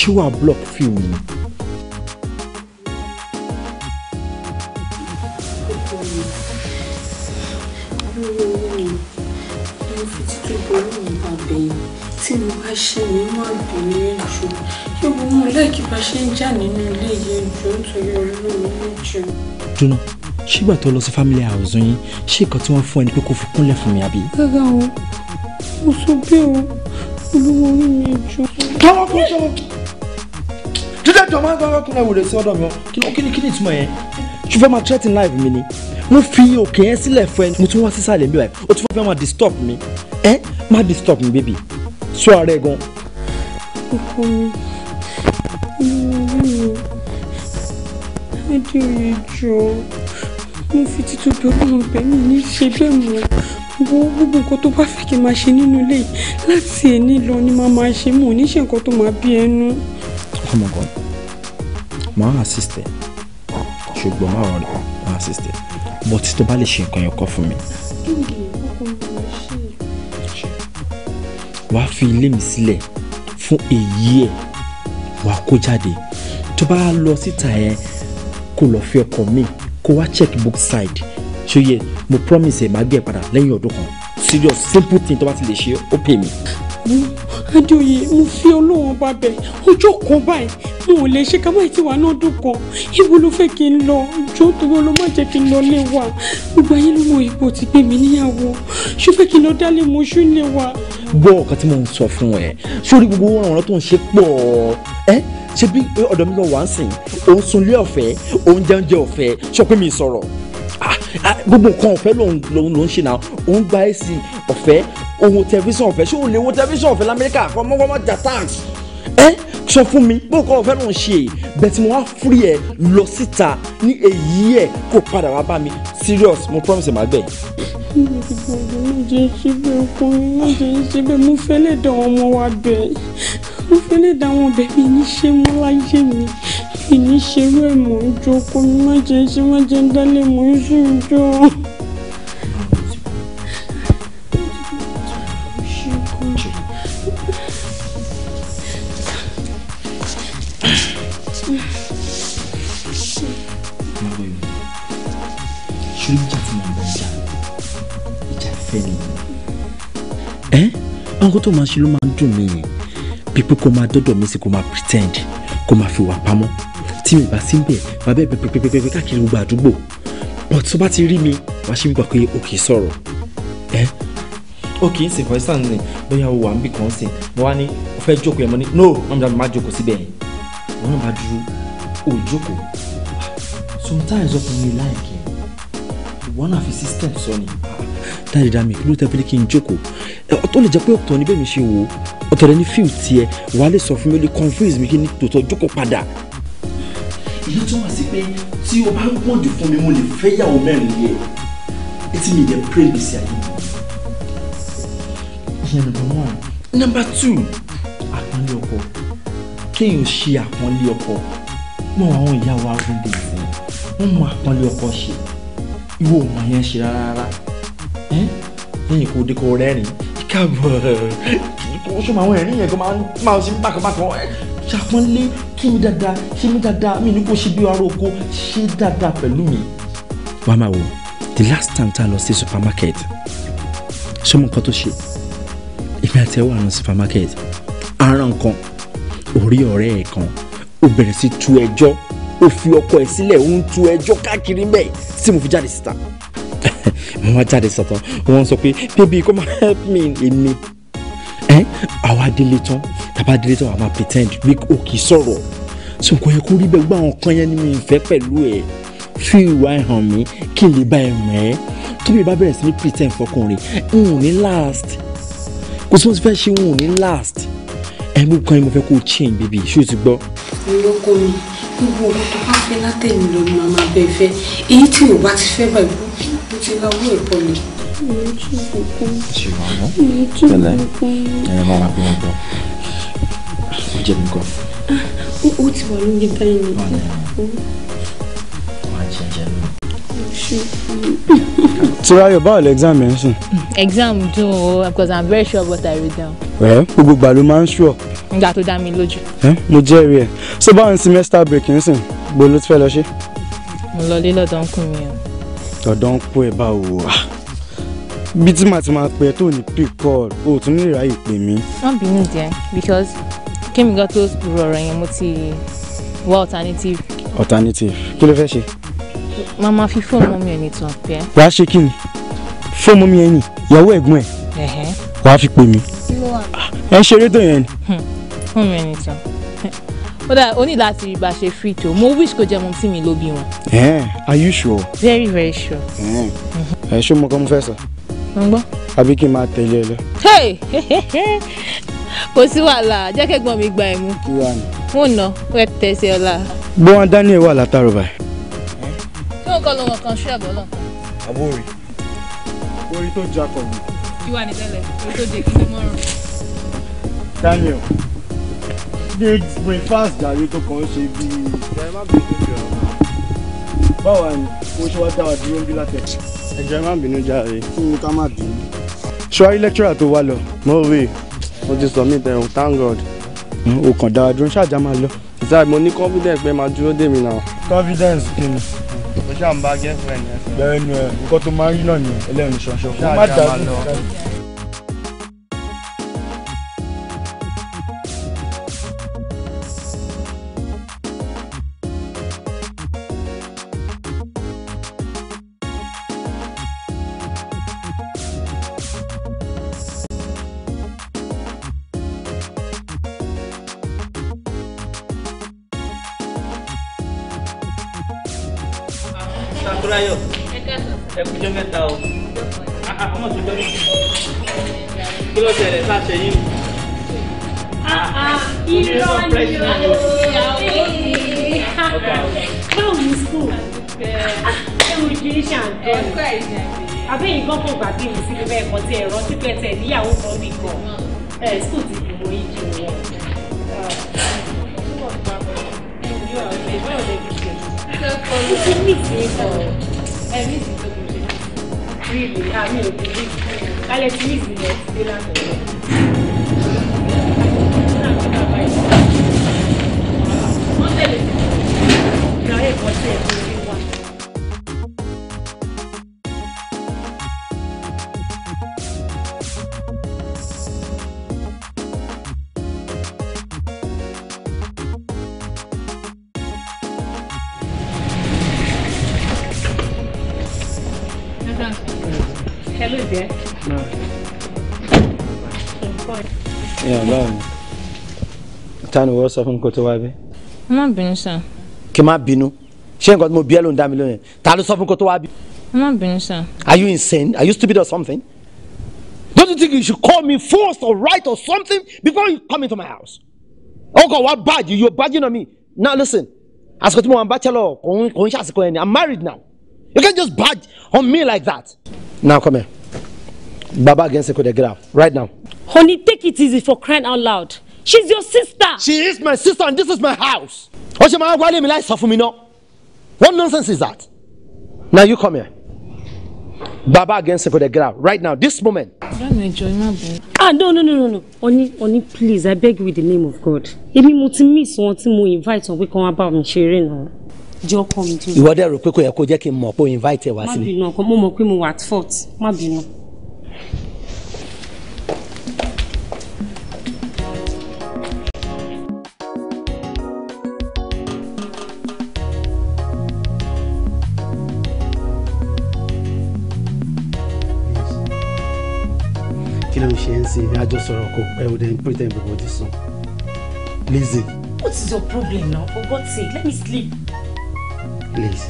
S2: cewa block film ne tí ṣé mo tó lọ sí family house yín ṣé nǹkan tí wọ́n fún ẹ ni pé kò fi kúnlẹ̀ fún mi àbí. rárá o mo sọ bẹ́ẹ̀ o olówó orí mi jù. káwọn kò sọ jíjẹ́ jọ máa ń gbọ́dọ̀ kúnlẹ̀ wèrè sí ọ̀dọ̀ mi o kí ni kí ni ìtumọ̀ yẹn ṣe fẹ́ máa threaten life mi ni mo fi òkè yẹn sílẹ̀ fún ẹ mo tún wá sísàlẹ̀ mi báyìí o tún fẹ́ máa disturb mi ẹ má disturb mi baby sọ ara ẹ gan.
S3: ọkọ mi ìwọ mi ò adéoyè jọ mo fi títún bí ọlọ́run bẹ́ẹ̀ mi ní ṣe bẹ́ẹ̀ mọ́ wo gbogbo nǹkan tó bá fẹ́ kí n máa ṣe nínú ilé láti èní lọ ni màá máa ṣe mò ní nǹkan tó máa bí ẹnu
S2: ọmọ kan máa assist ẹ ṣùgbọ́n máa rọrùn máa assist but tó bá lè ṣe nǹkan yẹn kọ́ fún mi. wàá fi ilé mi sílẹ̀ fún èyí ẹ̀ wàá kó jáde tó bá lọ síta yẹn kó lọ fi ọkọ mi kó wá check book side ṣó yẹ mo promise ẹ máa gbé ẹ padà lẹ́yìn ọdún kan serious simple thing tó bá ti lè ṣe ó pè mí.
S3: adéoyè mo fi ọ bá bẹ̀ ọjọ́ kan báyìí mo ò lè ṣe ká báyìí tí wàá náà dùn kan ìwọ ló fẹ́ kí n lọ ìjọ torí ló má jẹ́ kí n lọ lé wa gbogbo ayé ló mọ ìbò
S2: ti gbé mi níyàwó ṣó fẹ́ kí n lọ dálé mo ṣú lé wa. gbọ́ ọ̀kan tí mo ń sọ fún ẹ sórí gbogbo ọ̀ràn tó ń ṣe pọ̀ ẹ́ ṣe bí ọ̀dọ̀ mi lọ wá ń sìn òun sunlé ọ̀fẹ́ òun jẹunjẹ ọ̀fẹ́ sọ pé mi sọ̀rọ̀ ah, ah, gbogbo nǹkan ọ̀fẹ́ lòun ló ń ṣe náà òun gba ẹ̀sìn ọ̀fẹ́ òun tẹlifíṣàn ọ̀fẹ́ ṣé òun lè wo tẹlifíṣàn ọ̀fẹ́ lamẹ́ríkà fọmọ́fọmọ́ jà tanks ẹ sọ fún mi bó kọ́ ọ̀fẹ́ náà ṣe bẹ́ẹ̀ tí mo wá fúri ẹ̀ lọ síta ní èyí ẹ̀ kó padà wá bá mi serious mo promise màá bẹ̀.
S3: mo jẹ́ síbẹ̀ ọkùnrin mo jẹ́ síbẹ̀ mo fẹ́ lè dán ọmọ wa bẹ̀ mo fẹ́ lè dá wọn bẹ̀ mi ní ṣe mọ́ láyé mi mi ní ṣerú ẹ̀ mò ń jókòó mo má jẹ́ ṣe má jẹ́ ń dálé mò ń ṣe ń
S2: nǹkan tó máa ṣe ló máa ń dùn mí ni bí pé kó máa dọ́dọ̀ mi sí kó máa pretend kó máa fi wà pamọ́ tí mi bá sí ń bẹ̀ wà bẹ́ẹ̀ pẹpẹpẹpẹ káàkiri gbogbo àdúgbò but tó bá ti rí mi wàá ṣe wípé pé o kì í sọ̀rọ̀ ẹ́ o kì í sìn for instance ni bóyá o wà ń bì kan sìn mo wá ní o fẹ́ jókòó yẹn mo ní no mọ̀mí dàbí má jókòó síbẹ̀ yẹn wọn náà bá dúró o jókòó ah, sometimes ọkùnrin láìkì ìwọ náà fi system sọ ni. Ah, láì dá mi ló tẹ́pẹ́lẹ́ kí n jókòó ó lè jẹ́ pé ọ̀tọ̀ ni bẹ́ẹ̀ mi ṣe wò ó ọ̀tọ̀ rẹ ní fíìl tiẹ̀ wàá lè sọ fún mi ó lè confuse mi kí ní tòótọ́ jókòó padà. èyí túmọ̀ sí pé tí o bá ń pọ̀ jù fún mi mo lè fẹ́ yàwó mẹ́rin yẹ etí mi dẹ̀ pray mi sí ayé. ìyẹn number one. number two àpọ́nlé ọkọ kéèyàn ṣe àpọ́nlé ọkọ mọ àwọn ìyá wa gbọ́dọ̀ ìsìn wọ́n mọ àpọ́nlé ọkọ ṣe ìwọ ò mọ yẹn ṣe rárá rárá lẹ́yìn kò kí mi dáadáa ṣe mi dáadáa mi ní kò ṣe bí ara oko ṣe dáadáa pẹ̀lú mi. wàá máa wò the last time tá a lọ sí supermarket ṣé mo nǹkan tó ṣe èmi àti ẹ wà ní supermarket ara nǹkan orí ọ̀rẹ́ ẹ̀ kan ó bẹ̀rẹ̀ sí tu ẹjọ́ ó fi ọkọ ẹ̀ sílẹ̀ ó ń tu ẹjọ́ káàkiri mẹ́ẹ̀ tí mo fi jáde síta.
S6: mo wá
S2: jáde sọ̀tàn wọ́n sọ pé baby come help me èmi àwa délé tán tàbá délé tán wà máa pretend pé o kì í sọ̀rọ̀ so kò yẹ kó rí bẹ́ẹ̀ gbọ́ àwọn kan yẹn ni mi fẹ́ pẹ̀lú ẹ̀ fi ìwà ẹ̀ hàn mí kí n lè bá ẹ mọ̀ ẹ́ tóbi bá bẹ̀rẹ̀ sí ní pretend fọkùnrin n ò ní last kò sí mo ti fẹ́ ṣe n ò ní last ẹ̀ mú kan yẹn mo fẹ́ kó o change baby ṣé o ti gbọ́.
S3: ìrọ́kọ mi gbogbo ọ̀gá tó bá fẹ́ látẹ̀yìn lọ́nà máa bẹ̀ fẹ́ èyí tí ò bá ti fẹ́ báyìí mo ti lọ wé èkó ni. ṣùgbọ́n
S2: tẹ́lẹ̀ ẹ̀rọ máa wà bí wọ́n gbọ́ ó jẹ́ mi gan.
S3: ó ti wà lóúnjẹ
S2: exam yẹn
S6: Exam dùn because I'm very sure of what I read down.
S2: Well, gbogbo ìgbà ló máa ń sùọ.
S6: Nígbà tó dá mi lójú.
S2: Ẹ So báwo semester break you see, Gbolo ti fẹ́ lọ ṣe?
S6: Mo lọ lé lọ́dọ̀ ọkùnrin
S2: ọ̀dọ̀ ń kó ẹ̀ bá wò wá bí tí màá máa pẹ́ tó ní pick call o tún lè ráyè pè mí.
S6: wọ́n bí mi díẹ̀ because kémi gan tó rọrọ̀ yẹn mo ti wá alternative.
S2: alternative kí ló fẹ́ ṣe.
S6: màmá fi fóònù mọ́ mi ẹ̀ ní tàn pẹ́.
S2: wàá ṣe kí ni fóònù mọ́ mi ẹ̀ yìn ìyàwó ẹ̀gbọ́n ẹ̀ wàá fi pè mí. ẹ ṣeré tó yẹn ni.
S6: fóònù mi ẹ̀ ní tàn ó dà ó ní láti rí bá ṣe free tó mo wish kó jẹ́ mọ́ tí mi ló bí
S2: wọn. are you sure.
S6: very very sure.
S2: ẹ ṣé mo kọ́ mo fẹ́ sọ. mo ń gbọ́. àbí kí n máa tẹ̀lé ẹ lọ.
S6: kò sí wàhálà jẹ́ kẹ́gbọ́n mi gba ẹ̀ mú. kí wàá ní. mo nà wẹ́ẹ́ tẹ̀sí ọ̀la.
S2: gbọ́n daniel wà látàrọ̀ báyìí.
S6: ṣé o kọ́ lọ́wọ́ kan ṣé àbọ̀ náà.
S2: àbórí orí tó jà kọ̀ mí.
S6: kí wàá ní tẹ́lẹ̀ orí tó jẹ́ kí n mọ̀ràn.
S2: daniel ṣe breakfast jàre tó kàn ń ṣe bíi. ẹ má bínú jàre. báwa ni mo ṣe wá dá wa dúró ń bí látẹ̀. ẹ jẹ́ má bínú jàre. kí ni ká má bínú. ṣọ́rí lecturer tó wá lọ mo wí mo ti submit ẹ̀hún thank god. Hmm, o kàn dá wa dúró ṣáàjà máa lọ. zai mo ní confidence pé máa dúró dè mí náà. confidence kí ni mo ṣáà ń bá girlfriend yẹn. bẹ́ẹ̀ ni ẹ nǹkan tó máa ń rí náà ni ẹlẹ́rìí ṣọṣọ. má dàgbà lọ. there? No. Yeah, báwo. Ta ni wọ́n sọ fún mi kó tó wá bí?
S6: Ẹ má bínú sàn.
S2: Kí n má bínú. Ṣé nǹkan tí mo bí ẹ ló ń dá mi lóyún? Ta ló sọ fún mi kó tó Are you insane? Are you stupid or something? Don't you think you should call me forced or right or something before you come into my house? Oh God, what bad you? You're badging on me. Now listen, àsìkò tí mo wà ń bá tẹ́lọ̀ kò ń ṣàsìkò ẹni. I'm married now. You can't just badge on me like that. Now come here. Baba against Sekode, get out right now. Honey, take it easy for crying out loud. She's your sister. She is my sister, and this is my house. Ó ṣe máa wálé mi láì sọ fún mi náà. What nonsense is that? Now you come here. Baba against Sekode, get out right now, this moment.
S6: Ah,
S1: no, no, no, no, no. Honey, honey, please, I beg you with the name of God. Èmi mo ti miss wọn tí mo invite wọn we kàn wá bá mi ṣeré náà. Jọ kọ́ mi tó. Ìwọ́dẹ̀
S2: rò pé kò yẹ kó jẹ́ kí n mọ̀ pé o invite ẹ wá sílé. Má bínú
S1: ọkọ, mo mọ̀ pé mo wà at fault, má bínú.
S2: sí ni àjọ sọ̀rọ̀ kò pẹ́ o then pretend gbogbo ti sùn Lizzy.
S1: what is your problem now for God's sake let me sleep.
S2: Please.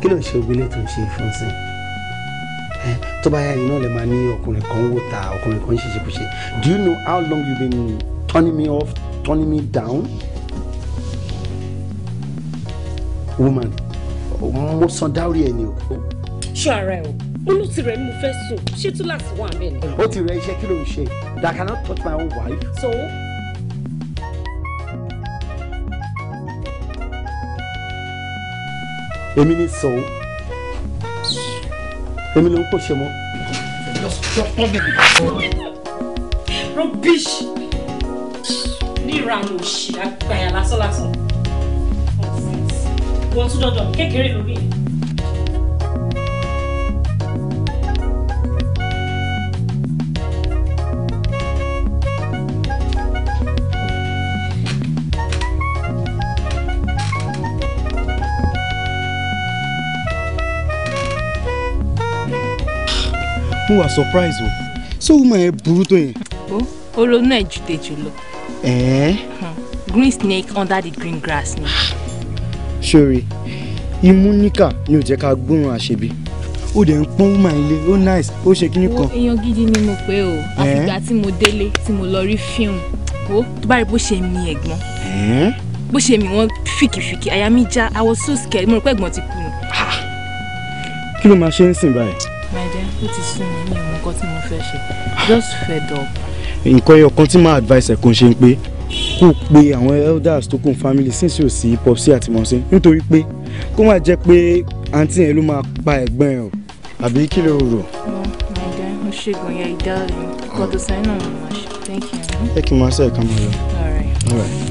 S2: kí ló ń ṣe ogbélé tó ń ṣe fún sí tó bá yá iná lè máa ní ọkùnrin kan wò ta ọkùnrin kan ṣiṣẹ́ kò ṣe do you know how long you been turning me off turning me down woman mo san dáwọ́rí ẹ̀ ni o.
S1: ṣé ara ẹ o olùtí rẹ ni mo fẹ́ sùn ṣé tún láti wà mí ni.
S2: ó ti rẹ iṣẹ́ kí ló ń ṣe that I cannot touch my own wife. so èmi ni sọ o èmi ló ń kó ṣe mọ.
S4: rubbish
S1: ní ìranù òṣì àgbàyà lásán lásán wọ́n tún dọ́dọ̀ kékeré lórí ẹ̀.
S2: mo wà surprised? o so o mọ̀ ẹ́ burú tó yẹn.
S6: o olóòórùn náà ju tèjú lọ. ẹ̀ẹ́. green snake under the green grass ni.
S2: ṣòre imú níkà ni ò jẹ́ ká gbóhùn àṣebí ó dẹ̀ ń pọ́n woman ilé ó nice ó ṣe kíní kan.
S6: èèyàn gidi ni mo pé o àfìgbà tí mo délé tí mo lọ rí fíìmù wo tó bá rí bó ṣe mi
S2: ẹ̀gbọ́n
S6: bó ṣe mi wọ́n fìkìfìkì àyà mi já I was so scared mo rò pé ẹ̀gbọ́n ti kú ni.
S2: kí ló máa ṣe ń sìn báyìí
S6: nǹkan just fed up.
S2: nǹkan ẹyọ kan tí màá advice ẹ̀ kan ṣe ń pé kó o pe àwọn elders tó kún family since yóò sí popsi àti mọ̀ọ́sí nítorí pé kó má jẹ́ pé àǹtí yẹn ló máa pa ẹ̀gbọ́n ẹ̀ o àbí kí ló rò.
S6: ọ̀gá mo ṣègùn yẹn ìdá rẹ̀ kọ́tù sáyẹn náà mo máa thank you.
S2: ẹ kì í máa ṣe ẹ̀ka
S6: máa all right. all right.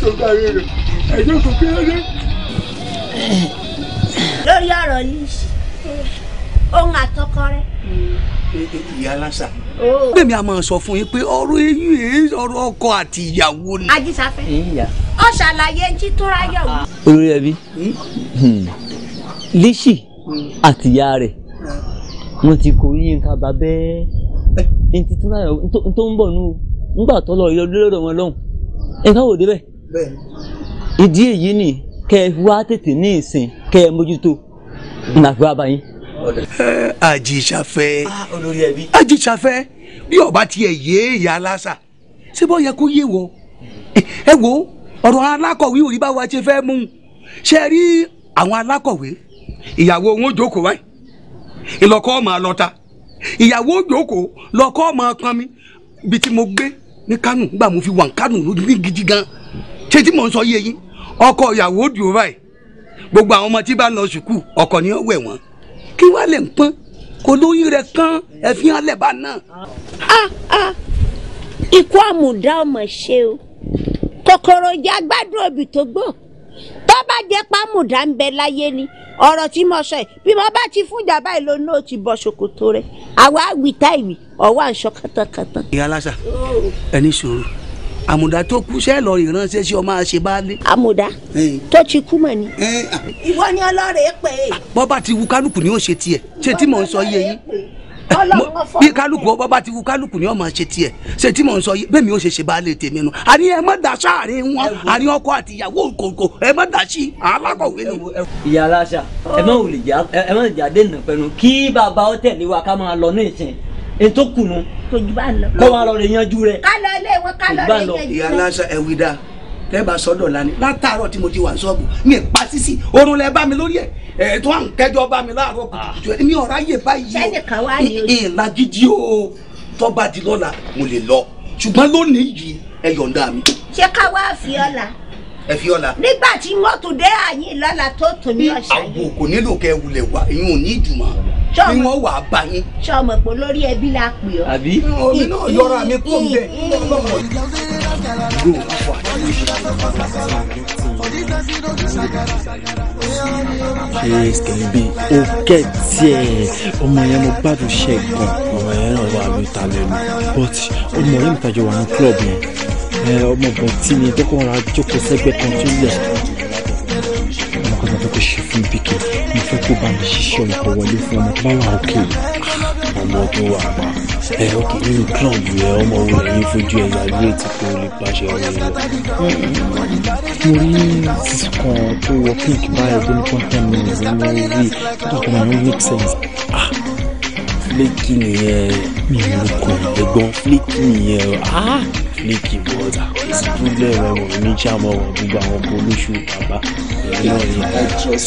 S4: ṣògbà rẹ̀ ẹ̀jẹ̀ kò kí lóde. lórí ọ̀rọ̀ yìí ohun àtọkọ rẹ.
S2: ìyá lásà. gbẹ̀mí oh. a máa sọ fún yín pé ọ̀rọ̀ eyín èyí ọ̀rọ̀ ọkọ àti ìyàwó ni. ajísáfẹ́
S4: ọ ṣàlàyé jítóráyọ̀ wò.
S2: olórí ẹbí hmm? hmm. Lísì àtìyá rẹ̀ wọ́n ti kó yín ká bá bẹ́ẹ̀ eh. ẹni títí náà tó ń bọ̀ nù nígbà tó lọ ilé wọn lọ́hùn ẹ̀ka wò débẹ̀ ìdí èyí ni kẹ́ ẹ wá tètè ní ìsìn kẹ́ ẹ mójútó nàgbé abayín. Eh, àjìṣàfẹ́ ah, àjìṣàfẹ́ bí ọba tiẹ̀ yé ìyá aláṣà ṣé bọ́ yẹ kó yé wọ eh, ẹ wo ọ̀rọ̀ alákọ̀wé òrí bá wa ṣe fẹ́ mú un ṣe rí àwọn alákọ̀wé ìyàwó wọn jókòó wáyé ìlọ́kọ́ ọmọ àlọ́ta ìyàwó jókòó lọ́kọ́ ọmọ kan mi bíi tí mo gbé ní Kánò nígbà mo fi wà ní Kánò ní gidi gan ṣé tí mò ń sọ yé yín ọkọ ìyàwó dùn báyìí gbogbo àwọn ọmọ tí bá ń lọ sùkúù ọkọ ni ó wẹ̀ wọ́n kí wàá lè ń pọ́n kò lóyún rẹ̀ kán ẹ̀fín alẹ́ bá náà.
S4: ikú àmùdá ọmọ ṣe o kòkòrò jẹ agbádùn òbí tó gbò tó bá jẹ pàmùdá ń bẹ láyé ni ọ̀rọ̀ tí mo sọ ẹ̀ bí mo bá ti fún jàmbá ìlú náà ti bọ ṣòkòtò rẹ̀ àwa wìtá ìwì ọwọ́ àṣọ kàtàkàtà.
S2: ìyá aláṣà ẹni sùúrù àmùdá tó kú sẹ́ẹ̀ lọ ìránṣẹ́ sí ọmọ àṣẹ bá lé. àmùdá tó ti kú mọ̀ ni. ìwọ ni ọlọ́rẹ̀ pè é. bọ́ba ti wu kálukú ni ó ṣe tiẹ̀ ṣe tí mò ń sọ yé yín bí kálukú ọba bá ti wu kálukú ni ọmọ ṣe tiẹ̀ ṣe tí mò ń sọ yé bẹ́ẹ̀ mi ò ṣe ṣe bá lè tèmi nu àní ẹ má dá sáàrin wọn àní ọkọ àti ìyàwó kòkò ẹ má dá sí alákọ̀wé ni. ìyá aláṣà ẹ má oh. wùlì já ẹ má jà dènà pẹ̀lú kí bàbá ó tẹ̀lé wa ká máa lọ ní ìsìn ètò kùnú kó wa lọ rè yanjú rẹ ká lọ
S4: ilé wọn ká lọ rè yanjú rẹ. ìyá aláṣà
S2: ẹwì dáa tẹ́ẹ̀bà sọ́dọ̀ lani látàárọ̀ tí mo ti wà sọ́ọ̀bù mi pa sísì oorun lẹ bá mi lórí ẹ̀ ẹ̀ tó à ń kẹjọ bá mi láàárọ̀ kùtùkùtù ah. mi ọ̀rá yè báyìí o ìlà gidi o tọ́ba di lọ́la mo lè lọ ṣùgbọ́n lónìí yìí ẹ yọ̀ǹda mi.
S4: ṣé ká wá fi ọ̀la ẹ fi ọ̀la. nígbà tí wọ́n dé àyín lọ́la tó tún ní ọ̀sán yìí.
S2: àwọn kò nílò kẹ wulẹ̀ wá ìyún ò ní ìjùmọ̀ bí
S4: wọ́n wà á bá yín. sọmọ pé lórí ẹbí la pè ọ́. àbí omi náà yọra mi kó n bẹ.
S2: yes kẹlẹbi o kẹtì ẹ ọmọ yẹn mo gbádùn ṣẹgun ọmọ yẹn náà wà lóta lẹ́nu but ọmọ yẹn mi tajọ wà ní club yẹn ọmọbìnrin tí mi tó kàn ra jókòó sẹ́gbẹ́ kan tó lẹ̀ ọmọkùnrin tó kò ṣe fún bíkẹ́ mo fẹ́ kó bá mi ṣiṣọ́ ikọ̀ wọlé fún ọmọ bá wà òkè ọmọ tó wà pa ẹ ọkọ nínú club rẹ ọmọ wo ẹyin fojú ẹ yàgbé tí kò lè pàṣẹ ọmọ rẹ mo rí sísù kan tó wọ pink báyìí tó ní content minutes ní orí tó kọ máa ń make sense flaky nìyẹn mi ò kọ ẹ̀gbọ́n flaky nìyẹn lake bọ́ọ̀dà ìdúlẹ̀ ẹ̀rọ oníjà mọ̀rọ̀ gbogbo àwọn polúṣù bàbá ìyẹn náà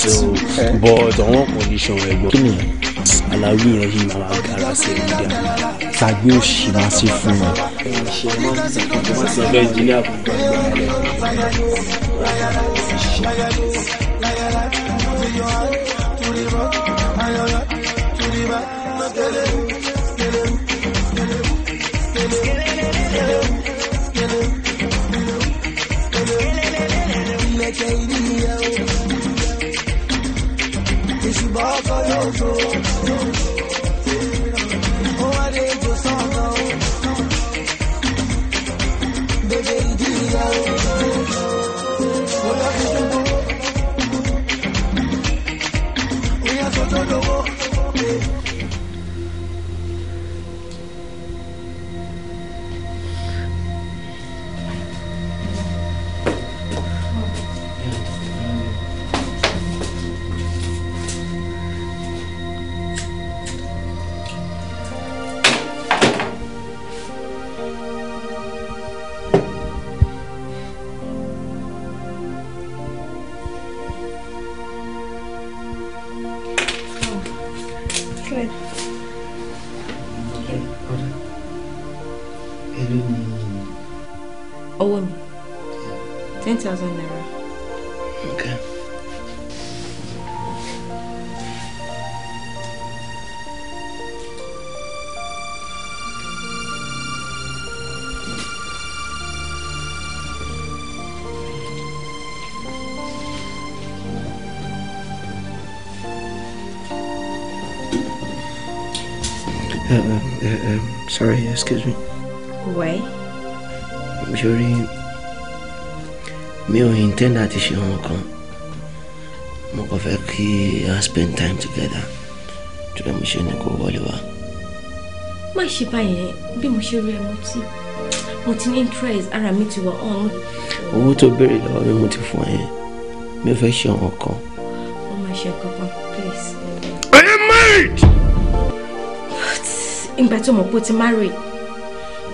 S2: so but àwọn condition rẹ̀ gbọ́ kí ni aláwí yẹn yìí máa gara sí ẹ̀yìn dẹ̀ sàgbé òṣì máa ṣe fún mi. Ayọ̀yọ̀ tùrìbá lọ́kẹ́lẹ́.
S4: kairiyo Ishiba kayozo Oare jo sano Bebe idiyo Ola kisubo Oya soto dobo
S5: thousand naira.
S2: Okay. Uh, uh, uh, um, sorry, excuse me. Why? Sorry. mi ò intend àti ṣe wọn kan mo kàn fẹ́ kí a spend time together tó dẹ̀ mo ṣe ní kó wọlé wa.
S5: má ṣe báyẹn bí mo ṣe rí ẹ mo ti mo ti ní interest ara mi ti wà ọ̀hún.
S2: owó tó béèrè lọ́wọ́ mi mo ti fún ẹ yẹn mi ò
S6: fẹ́
S5: ṣe wọn kan. mo máa ṣe kankan please. are you married. but ìgbà tó mọ̀ pé o ti marry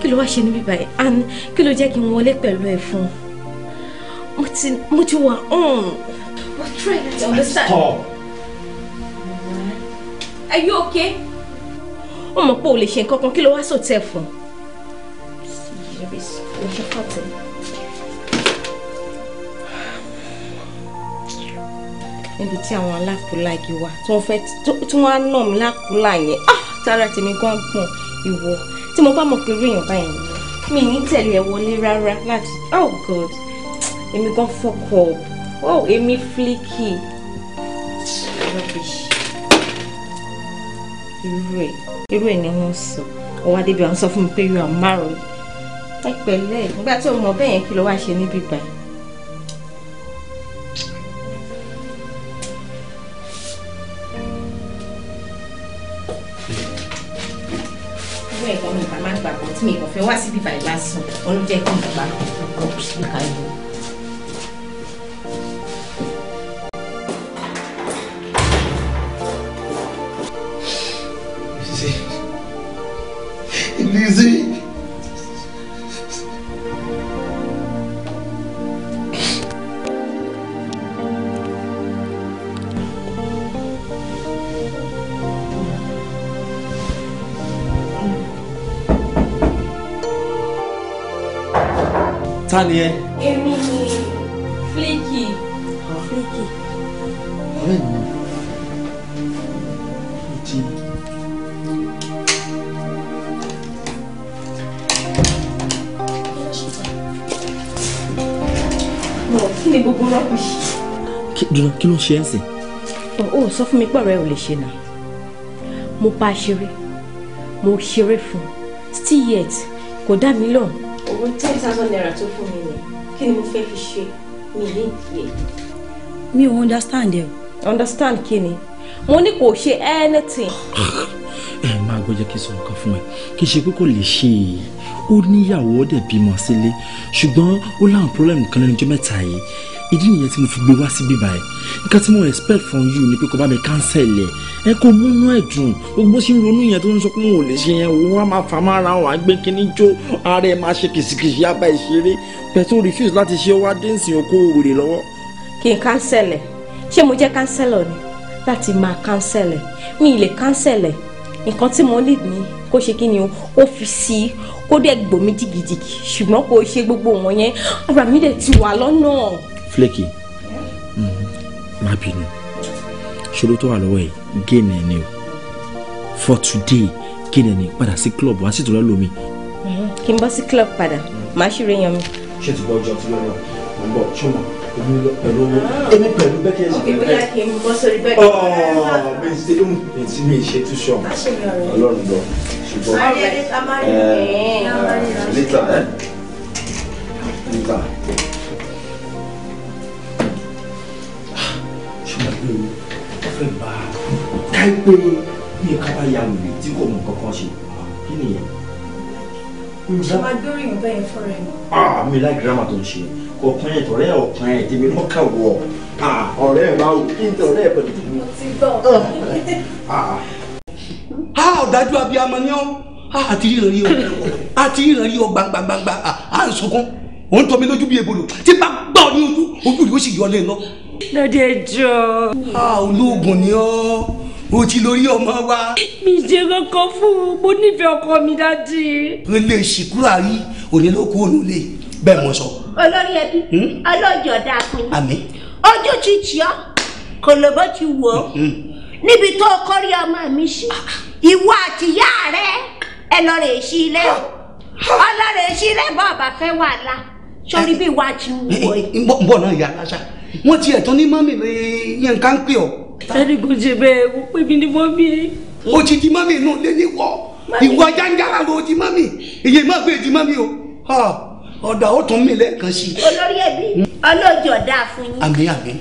S5: kí ló wá ṣe níbí báyìí and kí ló jẹ́ kí n wọlé pẹ̀lú ẹ̀ fún un ti mo ti wà on. we're trying to understand. stop. are you okay? ó mọ̀ pé o lè ṣe nǹkan kan kí ló wá sòtẹ́ fún. níbi tí àwọn alákùúláàgì wà tí wọ́n fẹ́ tí wọ́n á nà mí lákùúlà yẹn ah, tára tèmi gan gbọ̀n ìwọ tí mo bá mọ̀ pé irú èèyàn báyìí mi ní tẹ̀lé ẹ̀ wọlé rárá láti oh god èmi gan fuck up oh èmi flaky rubbish irú ẹ̀ irú ẹ̀ ni wọ́n sọ ọwọ́ adébíyà ń sọ fún mi pé you are married ẹ pẹ̀lẹ́ nígbà tí o mọ̀ bẹ́ẹ̀ yẹn kí ló wá ṣe níbí báyìí. mi kò fẹ́ wá síbí báyìí lásán olùjẹ́ kí n gbà kó kó kó kó kó kó ta ni ẹ. èmi ni flaky. Ah, flaky. ọ̀rẹ́ mi mo ti. lọ kí ni gbogbo rọ́bìṣì.
S2: dùnà kí ló ń ṣe ẹ́ sìn.
S5: ó sọ fún mi pé ọ̀rẹ́ ò lè ṣe náà mo bá ṣeré mo ṣeré fún un still yet kò dá mi lóhùn owó ten thousand naira tó fún mi ni kí ni mo fẹ́ fi ṣe mi ní ìdíyẹ. mi ò understand ẹ. understand kí ni mo ní kò ṣe anything.
S2: ẹ máa gbọ́ jẹ́ kí n sọ nǹkan fún ẹ kí n ṣe pé kò lè ṣe é ó níyàwó ó bímọ sílé ṣùgbọ́n ó láwọn problem kan lẹ́nu ọjọ́ mẹ́ta yìí ìdí nìyẹn tí mo fi gbé wá síbí báyìí nǹkan tí mo expect from you ni pé kò bá mi cancel ẹ ẹ kò múnú ẹ dùn gbogbo ṣe ń ronú yẹn tó ń sọ pé mo ò lè ṣe yẹn wọ́n á máa fà máa ra wọn àgbẹ̀ kínní jó ara ẹ máa ṣe kìsìkìsì abá ìṣeré pẹ̀tọ́ refuse láti ṣe wá dẹ́ǹsì okó òwúrẹ̀ lọ́wọ́.
S5: kì í cancel ẹ ṣé mo jẹ́ cancel ọ ni láti máa cancel ẹ mi ì lè cancel ẹ nǹkan tí mo lè ní kó ṣe kí ni o ó fi sí i kó dẹ̀ gbòmí jìgìjìgì ṣùgbọ́n kò ṣe gbogbo wọn yẹn ara mi dẹ̀ ti wà lọ́nà
S2: flaky mm-hmm. má bínú ṣòro tó wà lọ́wọ́ yìí géènì ni o for today géènì ẹ̀ ni padà sí club wá sí ìtòlọ́ lomi.
S5: Mm-hmm. kí n bọ́ sí club padà màá ṣì rí yan mi.
S2: ṣé ti gbọ́ ọjọ́ tí lọ́rọ̀ mo ń bọ̀ ṣọ́mọ èmi pẹ̀lú owó èmi pẹ̀lú bẹ́kẹ́ ẹ̀sìn bẹ́ẹ̀. bóyá kí
S5: n bọ́ sórí bẹ́ẹ̀.
S2: ọ̀ọ́ mi ti dùn mi ti mi ṣe tú ṣọ́ ọlọ́run lọ ṣùgbọ́n
S5: ẹ̀ ẹ̀ lítà
S2: ẹ̀ lítà. fẹ́ bá a káyí pé bí nǹkan bá ya wèrè tí kò mọ kankan ṣe kí nìyẹn. ìjọba
S4: gbórí yóò bẹ́ẹ̀ fọ́ra ẹ̀.
S2: àmì láì girama tó ń ṣe ọ̀kan ẹ̀ tọ̀rẹ́ ọ̀kan ẹ̀ tèmi lọ́kà wọ̀ ah, ọ̀rẹ́ ẹ̀ máa wò kí n tẹ ẹ̀ pẹ̀lú tèmi. a ah. ah. ọ̀dájú abiyamọ ni ọ́ àti ríran rí àti ríran rí gbangbangba à ń sunkún ò ń tọ́ mi lójú bí ebolo tí bá gbà ọ ní ojú ojú rẹ ó sì yọ ọ lẹ́nu. lọ́dẹ jọ. a olóògùn ni ọ́ o ti lórí ọmọ wa. mi jẹ kankan fún un mo nífẹ̀ẹ́ ọkọ mi dájú. o lè ṣìkúrò àrí òní ló kú òun lè bẹ́ẹ̀ mọ sọ.
S4: olórí ẹbí hmm? ọlọ́jọ́ dáa fún ojú ti tì ọ́ kòlòbó ti wò ó hmm, hmm. níbi tó kọ́rí ọmọ mi sí ah, ah. ìwọ àtìyá rẹ ẹ lọ rè sí ilé ọ lọ rè sí ilé bọ́ọ̀ bá fẹ́ wàhálà sọrí bí wàá ti wù ọ.
S2: n bọ̀ náà ìyá aláṣà
S4: wọ́n tiẹ̀ tún ní mọ́mì
S2: lè yẹn ká ń pè ọ́. sẹ́ni kò ṣe bẹ́ẹ̀ o pé mi ni mọ́mì. o ti di mọ́mì inú lé ní wọ́ ìwọ jáńjára ló ti mọ́mì ìyẹn má gbé di mọ́mì o ọ̀dà ó tún mí lẹ́ẹ̀kan sí.
S4: olórí ẹbí ọlọ́jọ́ dáa fún yín. àmín àmín.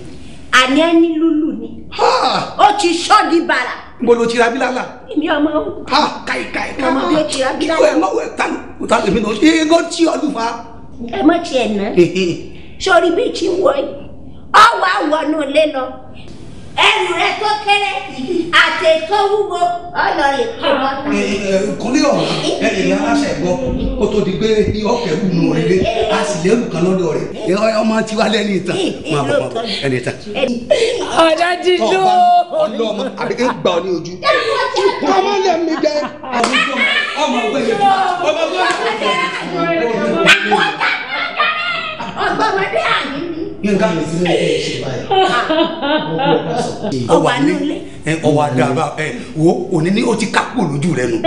S4: àní ẹni lúlù ni. ó ti sọ́ di bàrà.
S2: mo lo tira bílálà.
S4: èmi ọmọ o. káì káì káì máa bí kí ló
S2: ẹ mọ̀ wẹ̀ tán. èmi náà ṣe é gọ́ tí ọdún fa
S4: ẹ mọ̀ tiẹ̀ ná sórí bíi ti wọ yìí ọwọ́ àwọnú ilé lọ ẹrù rẹ tó kéré àti tó wúwo ọlọrin kò mọ ta.
S2: kúnlẹ̀ ọ̀rọ̀ ẹ̀yìn aláṣẹ gbọ́ kó tó di pé ọkẹ́ wù nù rẹ̀ a sì lérò kan lọ́dọ̀ rẹ̀ ọmọ tí wàá lẹ́ni ìtàn máa bọ̀ bọ̀ ẹni ìtàn.
S4: ọ̀dà ti lò ó.
S2: ọlọ ọmọ àbíké gbà ọ ní ojú.
S4: ọmọ lẹ mi jẹ. ọmọ gbẹ yẹn ọmọ gbẹ yẹn ọgbọmọdé àní mi.
S2: yínká mi ti ní ẹ ṣe
S4: báyìí
S2: ọwà ní ọwà dàbà ẹ wo òní ni ó ti ká kúrò lójú rẹ nù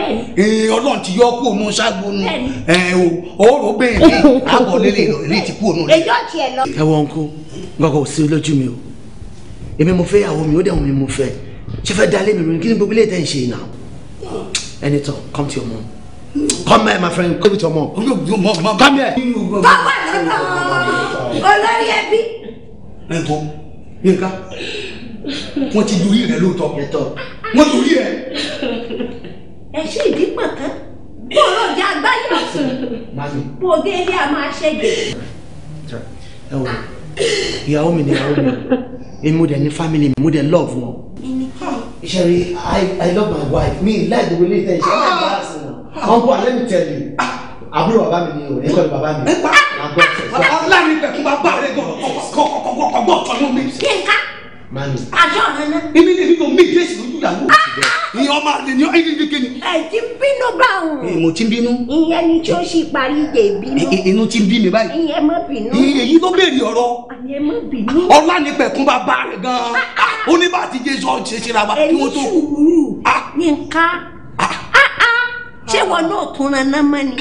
S2: ọlọ́run ti yọ kúrò nù ṣáàgbó nù ẹ o ọ̀rọ̀ bẹ́ẹ̀ ni àbọ̀ lélẹ̀ ìrọ̀lẹ́ ti kúrò nù rẹ.
S4: èyí ọ̀tí ẹ lọ. ẹ
S2: wọ nkú gbọgbọ ò sí lójú mi o èmi mo fẹ́ ìyàwó mi ó dẹ̀ wọ́n mi mo fẹ́ ṣe fẹ́ dalé mi ròyìn kí ni gbogbo ilé ìtẹ̀ ń ṣe ìnà ẹni tán come to your mom. Come here, my friend. Come with your oh, mom. Come here. Come Bàbá
S4: come. ẹbí.
S2: Ẹ bọ́ Yínká, wọ́n ti dorí rẹ̀ lóòótọ́.
S4: Wọ́n dorí ẹ̀. Ẹ ṣe ìdí pàtán. Bọ́ọ̀lù ọjà àgbáyé ọ̀sùn. Bọ́ọ̀dé ilé a máa ṣẹ́gi.
S2: Ẹ wò ìyàwó mi ni ìyàwó mi. Èmi mo dẹ̀ ní family mi, mo dẹ̀ love wọn. Ṣé rí I love my wife, mi like the way they tẹ̀ ṣe. Uncle, let me tell you. Àbúrò bàbá mi ni òní kọ́ni bàbá mi. Ọlárin pẹ̀kún bàbá rẹ̀ gbọ̀gbọ̀gbọ̀ ọ̀nà mi. Yínká. Mami. Àjọ rẹ̀ náà. Èmi ni èmi kò mí Jésù lójú ìyàwó. Ìyẹn ọmọ àlè ni ọ́ ẹ̀yìn
S4: kékeré. Ẹ ti ń bínú bá òun. Mo ti ń bínú. Ìyẹn ni tí ó sì parí ìdè ìbínú. Inú
S2: ti ń bí mi báyìí.
S4: Ìyẹn má bínú. Èyí ló béèrè ọ̀rọ̀. Ìyẹn má bínú. Ọlárin pẹ̀kún bàbá
S2: rẹ̀ gan-an. Ó ní bá àti Jésù ọ̀
S4: ṣé wọn náà kúnra náà mọ́ ni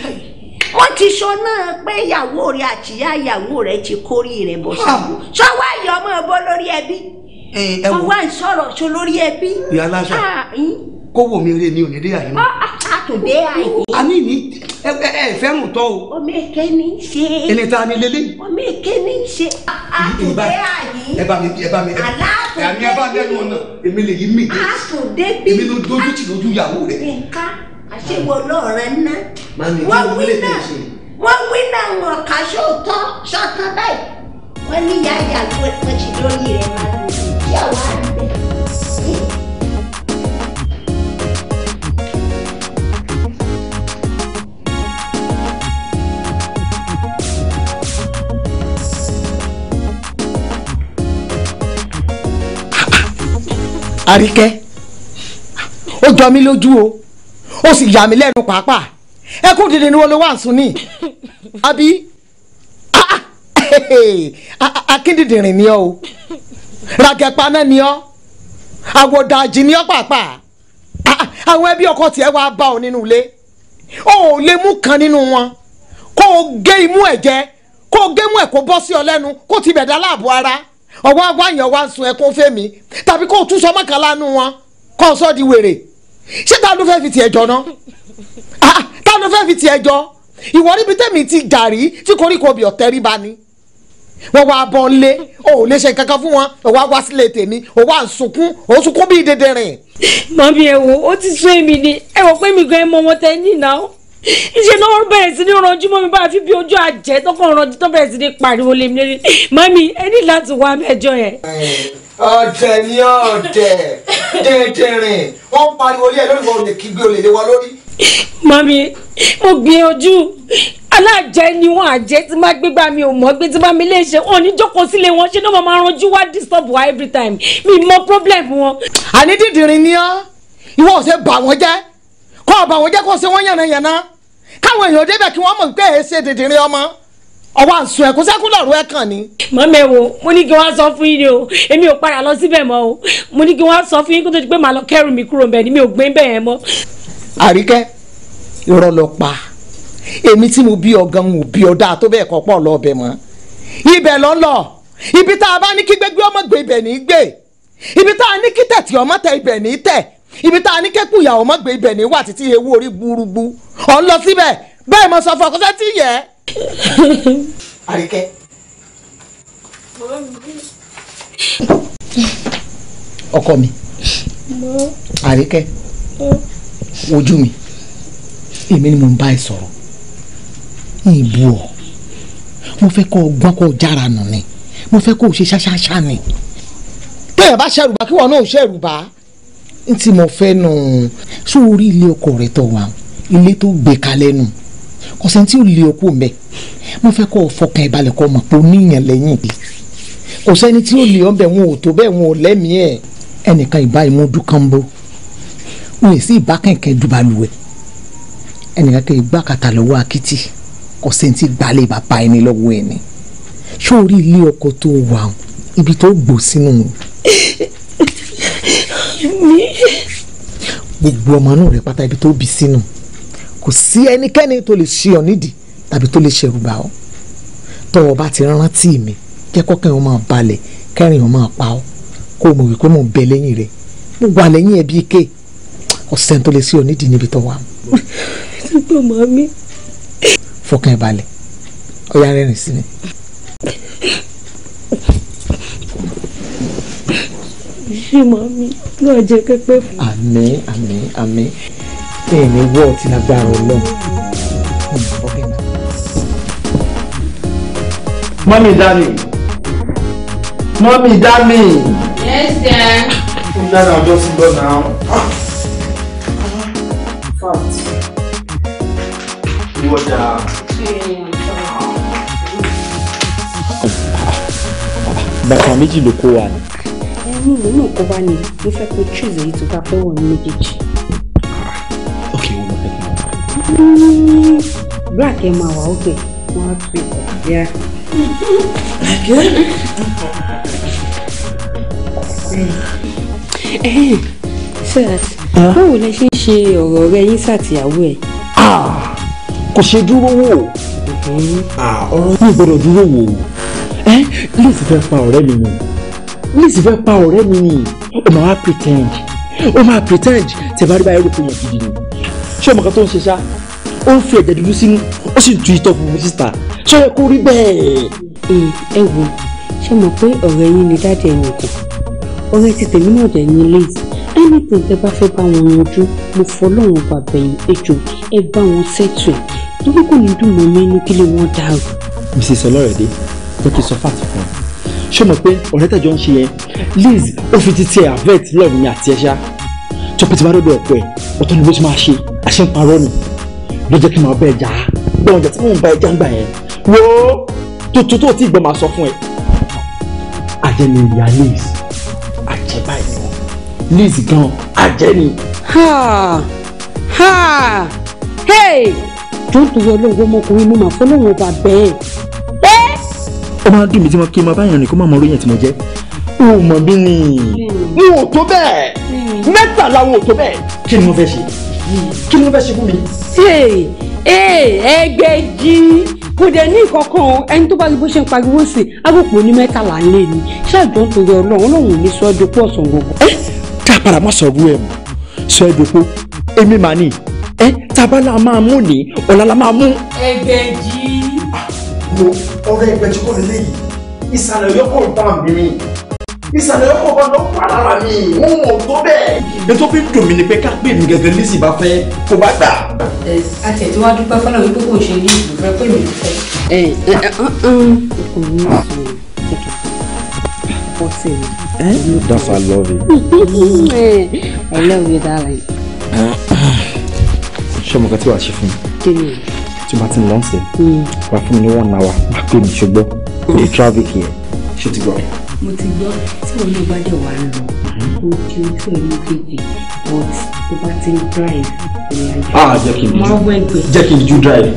S4: wọ́n ti sọ náà pé ìyàwó rẹ̀ àti ìyá ìyàwó rẹ̀ ti kórè rẹ̀ bọ̀ ṣàbò ṣọwọ́ ayọ̀ ọmọ ọbọ lórí ẹbí ọwọ́ ìṣọ̀rọ̀ ṣo lórí ẹbí. ìyá aláṣà
S2: kó wò mí eré mi ò ní dé àyè mọ́. àtòdé àyè. àní ní ẹ ẹ fẹ́ràn tọ́ o. omi èké ní í ṣe. ẹni tá a ní lélẹ̀.
S4: omi èké ní í ṣe. àtòdé àyè.
S2: ẹ bá mi ẹ bá mi ẹ bá mi ẹ bá mi ẹnu ọ̀nà èmi lè yí mi. àtòdé bí. èmi ló dojú tì lójú ìyàwó rẹ̀.
S4: nǹkan àṣewọ ọlọ́ọ̀rẹ́ ná
S2: wọ́n wí náà
S4: wọ́n wí náà wọn kà sóòótọ́ sọ́tọ́ báyìí wọ́n ní yáyà pẹ́pẹ́ sí lórí rẹ̀ máa ń lò sí
S2: ọ̀wá àgbẹ̀ sí. ó jọ mí lójú o ó sì yà mí lẹ́nu pàápàá ẹkún dídì ni wọ́n lè wà ń sun ní àbí ah, ah, eh, eh, akíndìdìrín ni ọ́ o ràgẹ̀paná ni ọ́ àwòdàjì ni ọ́ pàápàá ah, àwọn ẹbí ọkọ tiẹ̀ wá bá ọ nínú ilé o ò lè mú kan nínú wọn kó o gé imú ẹ̀ jẹ kó o gé imú ẹ̀ kó bọ́ sí ọ lẹ́nu kó o ti bẹ̀ dá láàbò ara ọwọ́ agbáyàn wá ń sun ẹkún fèmí tàbí kó o tún sọ mọ́kànlá nu wọn kó o sọ di wèrè ṣé ta ló fẹ́ fi tiẹ̀ jọ náà ah, ah, ta ló fẹ́ fi tiẹ̀ jọ ìwọ níbi tẹ́mi ti gàrí tí koríko obì ọ̀tẹ́ rí ba ni wọ́n wá bọ́ lé o ò lè ṣe nǹkan fún wọn o wá wá sílé tèmi o wá ń sunkún o sunkún bíi dédé rìn. mọ̀mí ẹ wo ó ti sún èmi ni
S1: ẹ wọ pé mi gan ẹ mọ wọn tẹ ní ìnáwó iṣẹ́ náà bẹ̀rẹ̀ sí ní ranjú mọ́ mi bá fi bí ojú àjẹ́ tó kàn ranjú tó bẹ̀rẹ̀ sí ní pariwo lèmi lórí mọ̀mí ẹ ní láti wá mẹ́jọ yẹn
S2: ọ̀dẹ̀ ni ọ̀dẹ̀ dẹ̀dẹ̀rìn wọ́n pariwo ilé ẹ̀ lórí ìwọ òde kígbe olè lé wa lórí.
S1: mami mo gbìyànjú aláàjẹ ni wọn àjẹ tí máa gbégbá mi ò mọ gbé tí máa mi lè ṣe wọn ò ní jókòó sílé wọn ṣé náà máa ranjú wá disturb wa every
S2: time mi mọ problem wọn. àní dídìrín ni ọ́ ìwọ ò ṣe bà wọ́n jẹ́ kó o bà wọ́n jẹ́ kó o ṣe wọ́n yànnayànna káwọn èèyàn débẹ̀ kí wọ́n mọ̀ pé èé ṣe dídìrín ọmọ.
S1: ọwọ́ àǹsùn ẹ̀kún sẹ́kún lọ́rùú ẹ̀ kàn ni. wo mo ní kí sọ fún yín ni o èmi ò para lọ síbẹ̀ o mo ní kí sọ fún yín kó tó di pé màá lọ mi kúrò ni mi ò gbé mo
S2: bí ọ̀gán mo bí ọ̀dà tó bẹ́ẹ̀ kọ́ pọ̀ lọ ọbẹ̀ mọ́ ibẹ̀ ibi tá a gbé ibẹ̀ ní gbé ibi tá a ní kí tẹ̀tì ibi tá a ní kẹ́kù wà títí ewu orí gbúrúgbú Àríkẹ́. Ọkọ mi. Àríkẹ́. Ojú mi. Èmi ni mo ń bá ẹ sọ̀rọ̀. Ìbú ọ̀. Mo fẹ́ kọ́ ọgbọ́n kọ́ jára nù ni. Mo fẹ́ kó o ṣe ṣáṣáṣá ni. a bá ṣẹ̀rù bá kí wọn náà ṣẹ̀rù bá. N tí mo fẹ́ nù. Sórí ilé ọkọ rẹ̀ tó kò sẹ́ni tí ò lè okú mẹ́ mo fẹ́ kọ́ ọ fọkàn ìbalẹ̀ kọ́ mọ̀ pé ó níyàn lẹ́yìn kò sẹ́ni tí ò lè ọ́n bẹ̀ wọn ò tó bẹ́ẹ̀ wọn ò lẹ́mìí ẹ̀ ẹnìkan ìbá imú dúkànbó wọn èsì ìbá kẹ̀kẹ́ dùbàlùwẹ̀ ẹnìkan kẹ́ ìgbà kàtà lọ́wọ́ akitì kò sẹ́ni tí gbalẹ̀ bàbá ẹni lọ́wọ́ ẹni sórí ilé ọkọ tó wà ibi tó gbò sínú gbogbo ọmọ náà rẹ pátá ibi tó bì sínú kò sí ẹnikẹ́ni tó lè ṣe ọ nídìí tàbí tó lè ṣẹ̀rù bà ọ́ tọ́wọ́ bá ti rántí mi jẹ́kọ́ kẹ́rin wọn máa balẹ̀ kẹ́rin wọn máa pa ọ́ kó o mọ̀ wípé mò ń bẹ lẹ́yìn rẹ̀ mo wà lẹ́yìn ẹ̀ bí ike ọ̀sẹ̀ tó lè ṣe ọ níbi tó wà.
S1: ṣùgbọ́n màmí.
S2: fọkàn ẹ balẹ̀ ọ̀yá rẹ́rìn sí mi.
S1: ṣé màmí náà jẹ́ kẹ́kẹ́ fún
S2: mi. àmín àmín àmín ẹ̀ ní wọ́ ọtí lágbára ọlọ́run. mọ́mí dami mọ́mí dami.
S6: yes sir.
S2: ó dára ọjọ́ sí lọ́nà àwọn. fact ìwọ jà. bàtà méjì ló kó wa ni.
S3: ẹ̀yin ìlú náà kó wa ni mo fẹ́ kó choose èyí tó bá fẹ́ wọ̀ ní méjèèjì black ẹ máa wà ókè wọn á fi
S1: ìgbà bí sirs báwo lẹ ṣe ń ṣe ọ̀rọ̀
S3: rẹ yín sàtìyàwó ẹ̀.
S2: kò ṣe dúró wò ọ̀rọ̀ yìí gbọ́dọ̀ dúró wò ó liz fẹ́ pa ọ̀rẹ́ mi ni liz fẹ́ pa ọ̀rẹ́ mi ni ó máa wá pretend ó máa pretend tẹ̀ bá rí báyìí rò pé yẹn gidi ni ṣé ọmọ kan tó ń ṣe ṣá ó ń fi ẹ̀jẹ̀ dúdú sínú ó sì tu ìtọ́ funfun síta ṣó yẹ kó rí bẹ́ẹ̀. ẹ wo ṣe mọ̀ pé ọ̀rẹ́ yín ni dáàdì ẹ̀yìn kù
S3: ọ̀rẹ́ ti tèmi náà dẹ̀ ní lẹ́yìn ẹnìtì tẹ bá fẹ́ bá wọn yanjú mo fọlọ́run bàbá yìí ejò ẹ bá wọn ṣètò ẹ̀ torí kò ní dùn mọ́ mi inú kí lè wọ́n dàrú.
S2: mrs ọlọ́rẹ̀dẹ́ jẹ́ kí n sọ fáàtì fún ọ ṣé mọ̀ pé ọ̀rẹ́ tẹ̀jọ́ ń ṣe yẹn liz ó fi ti tiẹ̀ avert love mi àti ẹ̀ṣá tó pété bá dọ̀dọ̀ ọ̀pọ̀ ẹ̀ ọ̀tọ̀ ni bó ti máa ṣe àṣẹ ń parọ́ ni ló jẹ́ kí n máa bẹ́ ẹja gbọ́n ọjà tí mò ń bá ẹja ń gbà yẹn wo tuntun tó ti gbọ́n máa sọ fún ẹ. àjẹ ni ìyá liz àjẹ báyìí liz gan àjẹ ni. jọ́n tó yọ lóhùn ọmọkùnrin mo máa fọlọ́hùn ọba bẹ́ẹ̀. ó máa ń dùn mí tí mo kí n máa bá yàn ní kó máa mọ oróyìn tí mo jẹ́ n ò mọ̀ bí ni hmm. n ò tó bẹ́ẹ̀ hmm. mẹ́ta làwọn ò tó bẹ́ẹ̀ kí ni mo fẹ́ ṣe
S3: kí ló fẹ́ ṣe fún mi. ṣe ẹgbẹ́jì kò dẹ̀ ní ìkọ̀kan o ẹni tó bá rí bó ṣe ń pariwo sí agbópo ní mẹ́tàlá ńlẹ̀ ni
S2: ṣáàjọ́ nítorí ọlọ́run ọlọ́run ò ní sọ ẹdọ́pọ̀ ọ̀sán gbogbo. ẹ ká padà má sọ ọdún ẹ mọ sọ ẹdọ́pọ̀ èmi màá ní ẹ tabala máa mú ní ọ̀la la máa mú. ẹgbẹ́jì. mo ah, ọ̀rẹ́ ẹgbẹ́jì kọ́ lélẹ́yìí ìsàlẹ̀ yọkọ̀ ń bá mi ìsàlẹ̀ ọkọ̀ ló pa lára mi wọ́n mọ̀ tó bẹ́ẹ̀. ètò fi dùn mí ni pé ká pè mí gẹ́gẹ́ lẹ́sìn bá fẹ́ kó bá gbà.
S3: àtẹ̀tẹ̀ wá wípé kò ṣe ní ìlú fẹ́ pè fẹ́. ẹ
S1: ẹ ẹ ẹ
S2: That's I love you.
S1: I love you, darling.
S2: Ṣé mo kàn tí wàá ṣe fún mi? Tí bá ti ń lọ́ọ̀sẹ̀, hmm. wàá fún mi ní one hour, wàá pè mí ṣùgbọ́n. Ní traffic yẹn, ṣé ti gbọ́?
S3: mo ti gbọ́ tí wọn náà bá
S1: dẹ̀ wá ń lọ kó ojú ẹ̀ ní kejì but tó bá ti ń drive ah jẹ́ kí n
S2: ju jẹ́ kí n ju drive.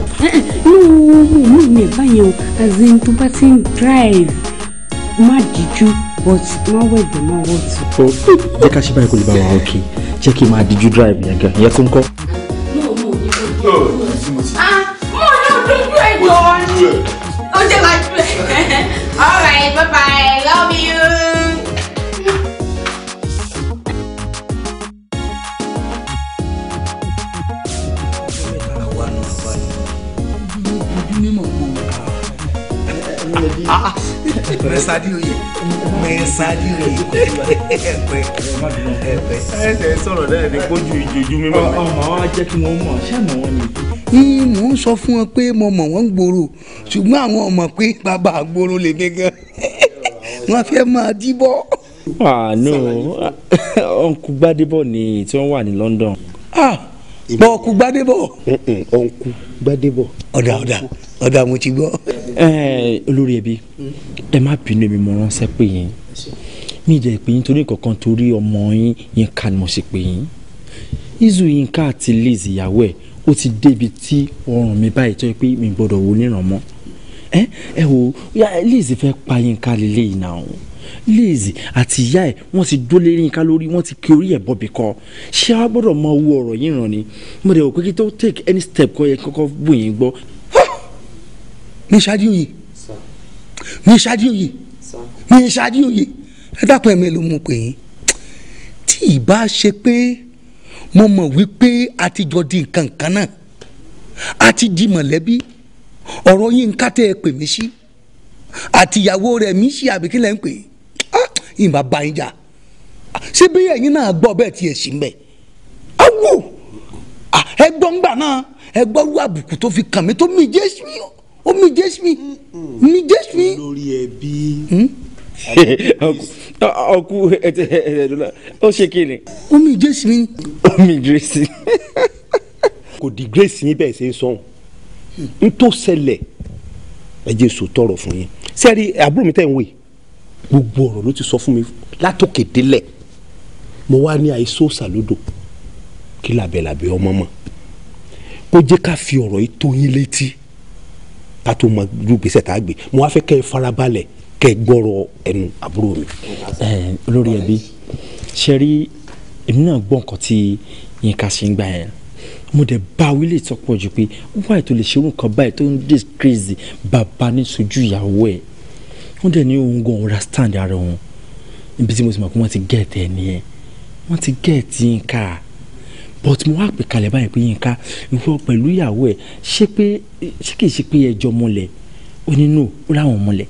S1: inú mo mú mi ẹ̀ báyẹn
S3: o as in tó bá ti ń drive má díjú but má wẹ̀gbẹ̀
S2: má wọ̀tù. ó jẹ́ ká ṣe báyìí kó lè bá wa òkè jẹ́ kí n máa díjú drive yẹn gan ìyẹn kó ń kọ́. mo ò ní
S4: ojú ẹ̀ jọ̀ọ́ ni. Oh, they're my All right, bye bye. Love you.
S2: mẹsàdí oyè mẹsàdí oyè ẹgbẹ ẹgbẹ ẹsẹ sọ̀rọ̀ náà ní kójú ìjòjú mímọ́. ọmọ wa jẹ́ kí wọ́n mọ̀ ṣé àmọ́ wọn ni mò ń sọ fún wọn pé mo mọ̀ wọ́n gbòòrò ṣùgbọ́n àwọn mọ̀ pé bàbá gbòòrò lè mí gan wọ́n fẹ́ máa díbọ́. àánú ọ̀nkú gbádébọ̀ ni tí wọ́n wà ní London. bọ́ ọ̀nkú gbádébọ̀. ọ̀nkú gbádébọ̀. ọ̀dà ọ̀dà ọ̀dà mo ti gbọ́. Eh, olórí ẹbí ẹ má bínú èmi mo ránṣẹ́ pè yín mi jẹ́ pé yín torí kankan torí ọmọ yín yín ká ni mo ṣe pè yín izu yín ká àti Liz ìyàwó ẹ̀ ó ti débi tí ọrùn mi báyìí tó yẹ pé mi gbọ́dọ̀ wò níran mọ́ ẹ ẹ wo Lizzy fẹ́ pa Yínká lélẹ́yìn náà o Lizzy àti ìyá ẹ̀ wọ́n ti dó lérí Yínká lórí wọ́n ti kí orí ẹ̀ bọ̀bì kọ́ ṣé a gbọ́dọ̀ mọ owó ọ̀rọ̀ yìí ràn ni mo dẹ̀ wò pé kí tó take any step kọ́ yẹ kọ́kọ́ bù yín gbọ́. ní ṣáájú yìí ní ṣáájú yìí ní ṣáájú yìí ẹ dákun ẹ̀ mélòó mo pè tí ì bá ṣe pé mo mọ̀ wípé a ti jọ di nǹkan kan náà a ti di mọ̀lẹ́bí ọ̀rọ̀ yín ká tẹ́ ẹ pè mí sí àtìyàwó rẹ̀ mí sí àbíkí lẹ́ ń pè é ìmọ̀ bá jà ṣé bí ẹ̀yin náà gbọ́ bẹ́ẹ̀ tiẹ̀ sí mbẹ́ awo ẹgbọ́ngbà náà ẹgbọ́rú àbùkù tó fi kàn mí tó mi jésù mi ó mi jésù mi mi jésù mi. olórí ẹbí hmm? ọkú ó ṣe kíni. omi ìdírẹ́sì mi. omi ìdírẹ́sì. kò di grace yín bẹ́ẹ̀ ṣe ń sọ̀hún n tó ṣẹlẹ̀ ẹ jẹ́ sọ tọrọ fún yín sẹ́ẹ̀rì àbúrò mi tẹ̀ ń wè gbogbo ọ̀rọ̀ ló ti sọ fún mi látòkè délẹ̀ mo wá ní àìsó sàlódò kí làbẹ̀ làbẹ̀ ọmọ mọ̀ kó jẹ́ ká fi ọ̀rọ̀ yìí tó yín létí ká tó mọ irú gbèsè tá a gbé mo wá fẹ́ kẹ́ ẹ farabalẹ̀ kẹ gbọ́rọ̀ ẹnu àbúrò mi. olórí ẹbí ṣe rí èmi náà gbọ́ nǹkan tí yín ká ṣe ń gbà yẹn mo dẹ̀ bá wílé tó pọ̀ jù pé wáyé tó lè ṣerú nǹkan báyìí tó ń disgrace bàbá ní sojú ìyàwó ẹ̀ wọ́n dẹ̀ ní òun gan understand ara wọn ibi tí mo ti mọ̀ pé wọ́n ti get ẹ̀ nìyẹn wọ́n ti get yín ká but mo wá pè kalẹ̀ báyìí pé yín ká ìwọ pẹ̀lú ìyàwó ẹ̀ ṣé pé ṣé kìí ṣe pé ẹjọ́ mọ̀lẹ̀ onínú ó láwọn mọ̀lẹ̀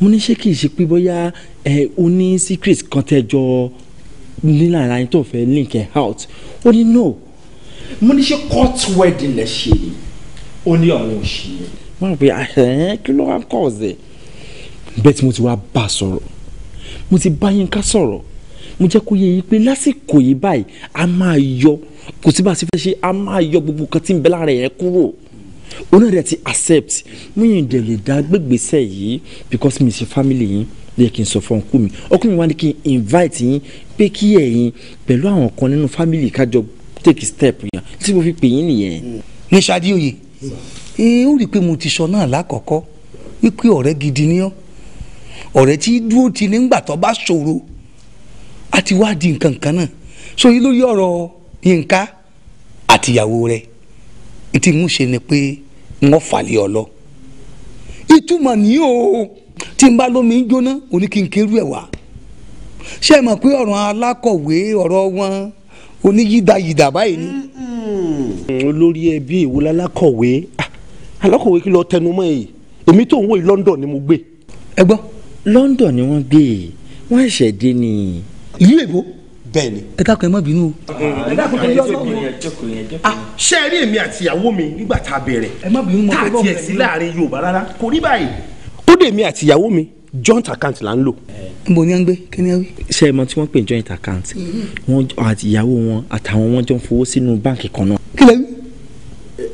S2: mo ní ṣé kì í ṣe pé bóyá ẹ o ní secret kan tẹ́ jọ nílà ara tó fẹ́ link ẹ out ó ní no mo ní ṣe court wedding lẹ ṣe ni ó ní àwọn òṣì yẹn. wọ́n rò pé ẹ̀ẹ́n kí ló wá ń kọ́ ọ̀sẹ̀ bẹ́ẹ̀ tí mo ti wá bá a sọ̀rọ̀ mo ti bá Yínká sọ̀rọ̀ mo jẹ́ kó yé yín pé lásìkò yìí báyìí a máa yọ kò sí ṣe a máa yọ gbogbo kan tí ń bẹ lára yẹn kúrò onáà rẹ ti accept mo yàn dẹ̀ lè dá gbégbèsè because mi ṣe family yìí lè kí n sọ fún ọkùnrin ọkùnrin wa ni kí n invite yín pé kí ẹ̀yin pẹ̀lú àwọn kan nínú family kájọ take step yẹn tí mo fi pè yín nìyẹn. ní sadi oyè ee ó rí i pé mo ti sọ náà lákọ̀ọ́kọ́ wípé ọ̀rẹ́ gidi ni ọ́ ọ̀rẹ́ tí dúró ti nígbà tó bá ṣòro àti wá di nǹkan kan náà so yìí lórí ọ̀rọ̀ Yínká àtìyàwó rẹ̀ ìtì mú ṣe ni pé wọ́n fàlẹ́ ọ lọ ìtumọ̀ ní o tí n bá lómi ń jóná oníkínkínrú ẹ̀ wá ṣé ẹ mọ̀ pé ọ̀rọ̀ alákọ̀wé ọ̀rọ̀ wọn oníyídayídà báyìí ni. olórí ẹbí èwo lálákọ̀wé ah, alákọ̀wé kí lọ tẹnu mọ́ èyí èmi tó ń wò yìí London ni mo gbé. ẹ gbọ́. London ni wọ́n gbé wọ́n ṣẹ̀ṣẹ̀ dé ni. ìlú èbó bẹ́ẹ̀ ni. ẹ dákun ẹ má bínú o. ẹ dákun tó yọ lọ́wọ́. ṣé ẹ rí èmi àti ìyàwó mi nígbà tá a bẹ̀rẹ̀ tá a tiẹ̀ sí láàrin Yorùbá rárá kò rí báyìí. kódé mi àti ìyàwó mi joint account la ń lò. mo ní à ń gbé kí ni a wí. ṣé ẹ tí wọ́n pè joint account mm-hmm. wọn àti ìyàwó wọn àtàwọn wọn jọ ń fowó sínú báǹkì kan náà. kí lẹ́yìn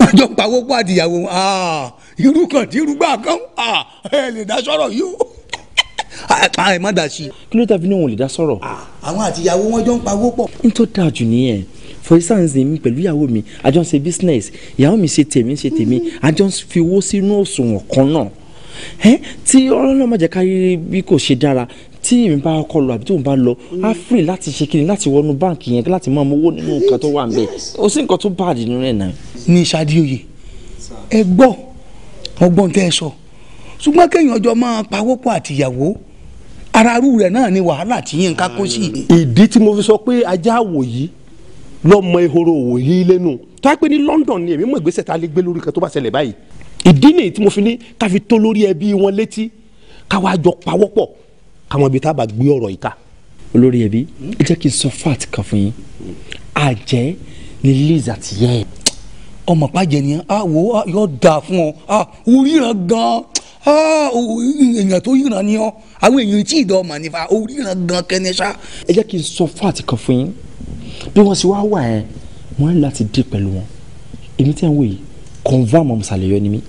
S2: àjọ pàwọ́ pọ̀ àti ìyàwó ah, irú kan tí gbà kan ah, ẹ lè dá sọ̀rọ̀ yìí ẹ má dà sí. kí ló tàbí ní òun lè dá sọ̀rọ̀. àwọn àtìyàwó wọn jọ ń pawó pọ̀. n tó dáa jù nìyẹn for instance èmi pẹ̀lú ìyàwó mi a jọ ń ṣe business ìyàwó mi ṣe tèmi ṣe tèmi a jọ ń fi owó sínú òṣùwọ̀n kan náà tí ọlọ́run má jẹ́ ká rí bí kò ṣe dára tí èmi bá kọ lọ àbí tóun bá lọ á free láti ṣe kiri láti wọnú báǹkì yẹn láti máa mú owó nínú nǹkan tó wà nbẹ ó sì nǹkan tó bad nínú ẹ̀ náà. ní Ṣadéoyè ẹ gbọ́ ọgbọ́n tẹ́ ẹ sọ ṣùgbọ́n kéèyàn jọ máa pawọ́pọ̀ àtìyàwó ararú rẹ̀ náà ni wàhálà tí yín ká kó sí. ìdí tí mo fi sọ pé ajá àwò yìí lọ́mọ ehoro òwò yìí lẹ́nu tó a pé ní London ni èmi mọ̀ ìgbésẹ̀ tá a lè gbé lórí kan tó bá ṣẹlẹ̀ báyìí ìdí nìyí tí mo fi ní ká fi tó lórí ẹbí wọn létí káwa jọ pawọ́pọ̀ káwọn ibi tá a bá gbé ọ̀rọ̀ yìí ká. olórí ẹbí ẹ jẹ́ kí n sọ fat kan fún yín àjẹ́ ni Liz àti yẹ́ ọmọ pàjẹ́ ni àwọ̀ ah, ah, yóò fún ọ ah, èèyàn tó yìnrán ni ọ àwọn èèyàn tí ìdọ̀ ọmọ nípa oríran gan kẹ́ni ṣá. ẹ jẹ́ kí n sọ fáàtì kan fún yín bí wọ́n ṣe wá wà ẹ́ mo ní láti dé pẹ̀lú wọn èmi tẹ́ ń wò yìí kọ̀ǹvà mọ̀mùsàlẹ̀ yọ ni mí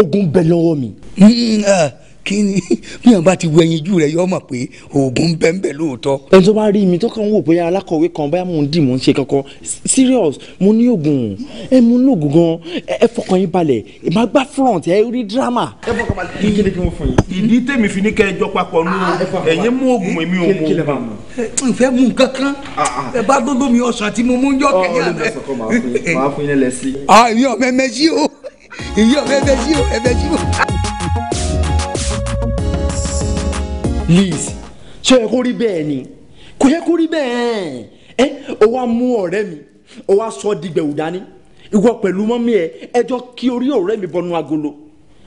S2: ogun bẹ lọ́wọ́ mi. Hmm, kí ni bí wọn bá ti wọ ẹyinjú rẹ yọ mọ̀ pé oògùn bẹ́ńbẹ́ lóòótọ́. ẹni tó bá rí mi tó kàn ń wò bóyá alákọ̀wé kan bóyá mò ń dì mò ń ṣe kankan serious mo ní oògùn ẹ mo ní oògùn gan ẹ fọkàn yín balẹ̀ ẹ má gbá front ẹ rí drama. ẹ fọkàn balẹ̀ kí kéde kí wọ́n fún yín. ìdí tèmi fi ní kẹ́ ẹ jọ papọ̀ nù ah, ẹ̀yin mú oògùn mi ò mú n fẹ́ mú nǹkan ah, ah. ẹ bá dódó mi ọ̀sán tí mo mú yọ kẹ́yà Liz ṣé ẹ kó rí bẹ́ẹ̀ ni kò yẹ kó rí bẹ́ẹ̀ ẹ o wá mú ọ̀rẹ́ mi o wá sọ dìgbẹ̀wò dání ìwọ pẹ̀lú mọ́mí ẹ ẹjọ́ kí orí ọ̀rẹ́ mi bọnu agolo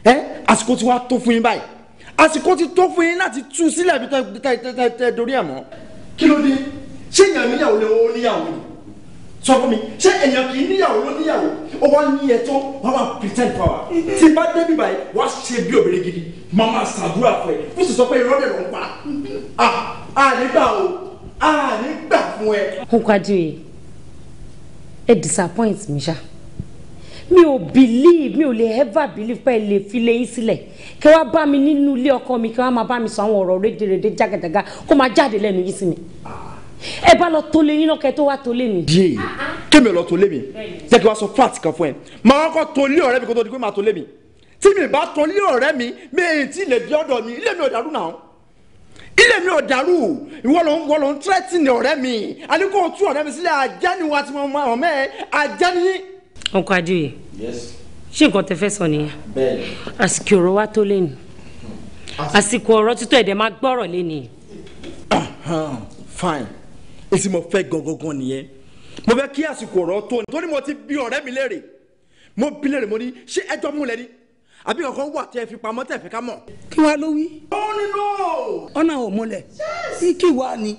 S2: ẹ àsìkò tí wàá tó fún yín báyìí àsìkò ti tó fún yín láti tú sílẹ̀ bí tẹ́ dorí ẹ̀ mọ́ kí ló dé ṣé ìyàwó níyàwó lè wọ́n níyàwó ni sọ fún mi ṣé èèyàn kì í níyàwó ló níyàwó ó wá ní ẹ tán máa pretend power tí bá débi báyìí wàá ṣe bí obìnrin gidi máa máa ṣàdúrà fún ẹ fún sì sọ pé irọ́ dẹ̀ ló ń pa á nígbà o á nígbà fún ẹ. Nkwadoye
S1: ẹ disappoint mi ṣá mi ò believe mi ò lè ever believe pé ẹ lè fi lẹ́yìn sílẹ̀ kẹ wá bá mi nínú ilé ọkọ mi kẹ wá máa bá mi sọ àwọn ọ̀rọ̀ rédèrèdè jágàjàgà kó máa jáde lẹ́nu yìí sí mi ẹ bá lọ tolé yín náà kẹ tó wá tolé mi. díẹ̀
S2: kémi ò lọ tolé mi jẹ́ kí wọ́n sọ flat kan fún ẹ màá kọ́ tolé ọ̀rẹ́ mi kó tó di pé màá tolé mi tí mi bá tolé ọ̀rẹ́ mi mi èyí tí ilẹ̀ bí ọ̀dọ̀ mi ilé mi ò dàrú náà ilé mi ò dàrú ìwọ ló ń wọ ló ń tírẹ́tìnì ọ̀rẹ́ mi àní kò tú ọ̀rẹ́ mi sílẹ̀ àjẹ́ni wa ti mọ ọmọ ẹ àjẹ́ni.
S1: ọkọ adéoyè ṣé nǹkan tẹ fẹ́ sọ nìyẹn àsìkò ọ̀rọ̀ wa tó lẹ́nu àsìkò ọ̀rọ̀ títọ́ ẹ̀dẹ̀ máa gbọ́rọ̀ lẹ́nu.
S2: fine èsì mo fẹ́ gangan nìyẹn mo fẹ́ kí àsìkò ọ̀rọ̀ tó ni torí mo ti bí ọ̀rẹ́ mi léèrè mo bí léèrè mo ní ṣé ẹjọ́ múlẹ̀ ni àbí kankan wà tí fi pamọ́ tẹ̀ fẹ́ ká mọ̀. kí wàá ló wí. ó ní ọ̀nà ò múlẹ̀ kí wàá ni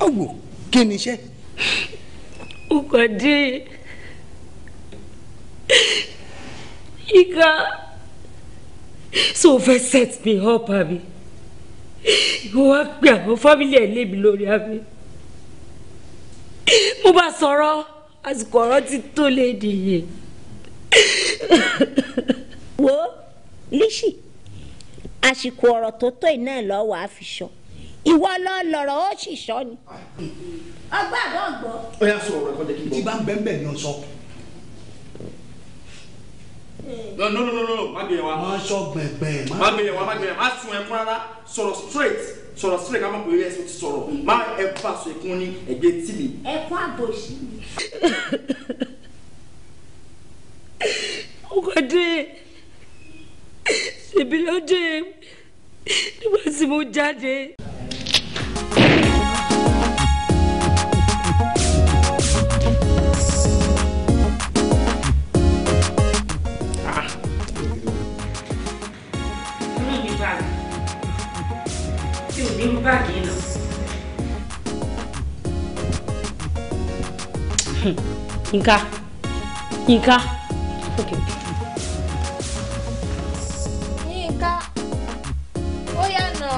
S2: ó wò kí ni iṣẹ́. o kò dé
S1: ìka so o fẹ́ set me up àbí ìwọ wá pé àwọn fámìlì ẹ̀ lébi lórí àbí mo bá sọ̀rọ̀
S4: àsìkò ọ̀rọ̀ ti tó léde yìí. wo Lísì àsìkò ọ̀rọ̀ tó tó iná lọ wàá fi sọ ìwọ lọ lọ̀rọ̀ ó sì sọ ni. ọgbà àgbọn gbọ.
S2: ó yà sọ ọ̀rọ̀ ẹkọ jẹ kí n bọ. tí bá ń bẹ́ẹ̀ bẹ́ẹ̀ ni ó sọ. No, no, no, no, no, má gbé yẹn wá. Má sọ gbẹ̀gbẹ̀. Má gbé yẹn wá, má gbé yẹn má sun ẹkún rárá, sọ̀rọ̀ straight sọ̀rọ̀ sílẹ̀ ká mọ̀ pé ẹ̀sùn ti sọ̀rọ̀ má ẹ bá aṣọ ẹ̀kún ní ẹ̀gbẹ́ tì mí.
S4: ẹ̀kún àbòsí mi.
S1: ọkọ̀dé ṣèbí ló dé nígbà tí mo jáde. báàgì yìí lọ. Yínká Yínká okay.
S6: Yínká ó yá nà.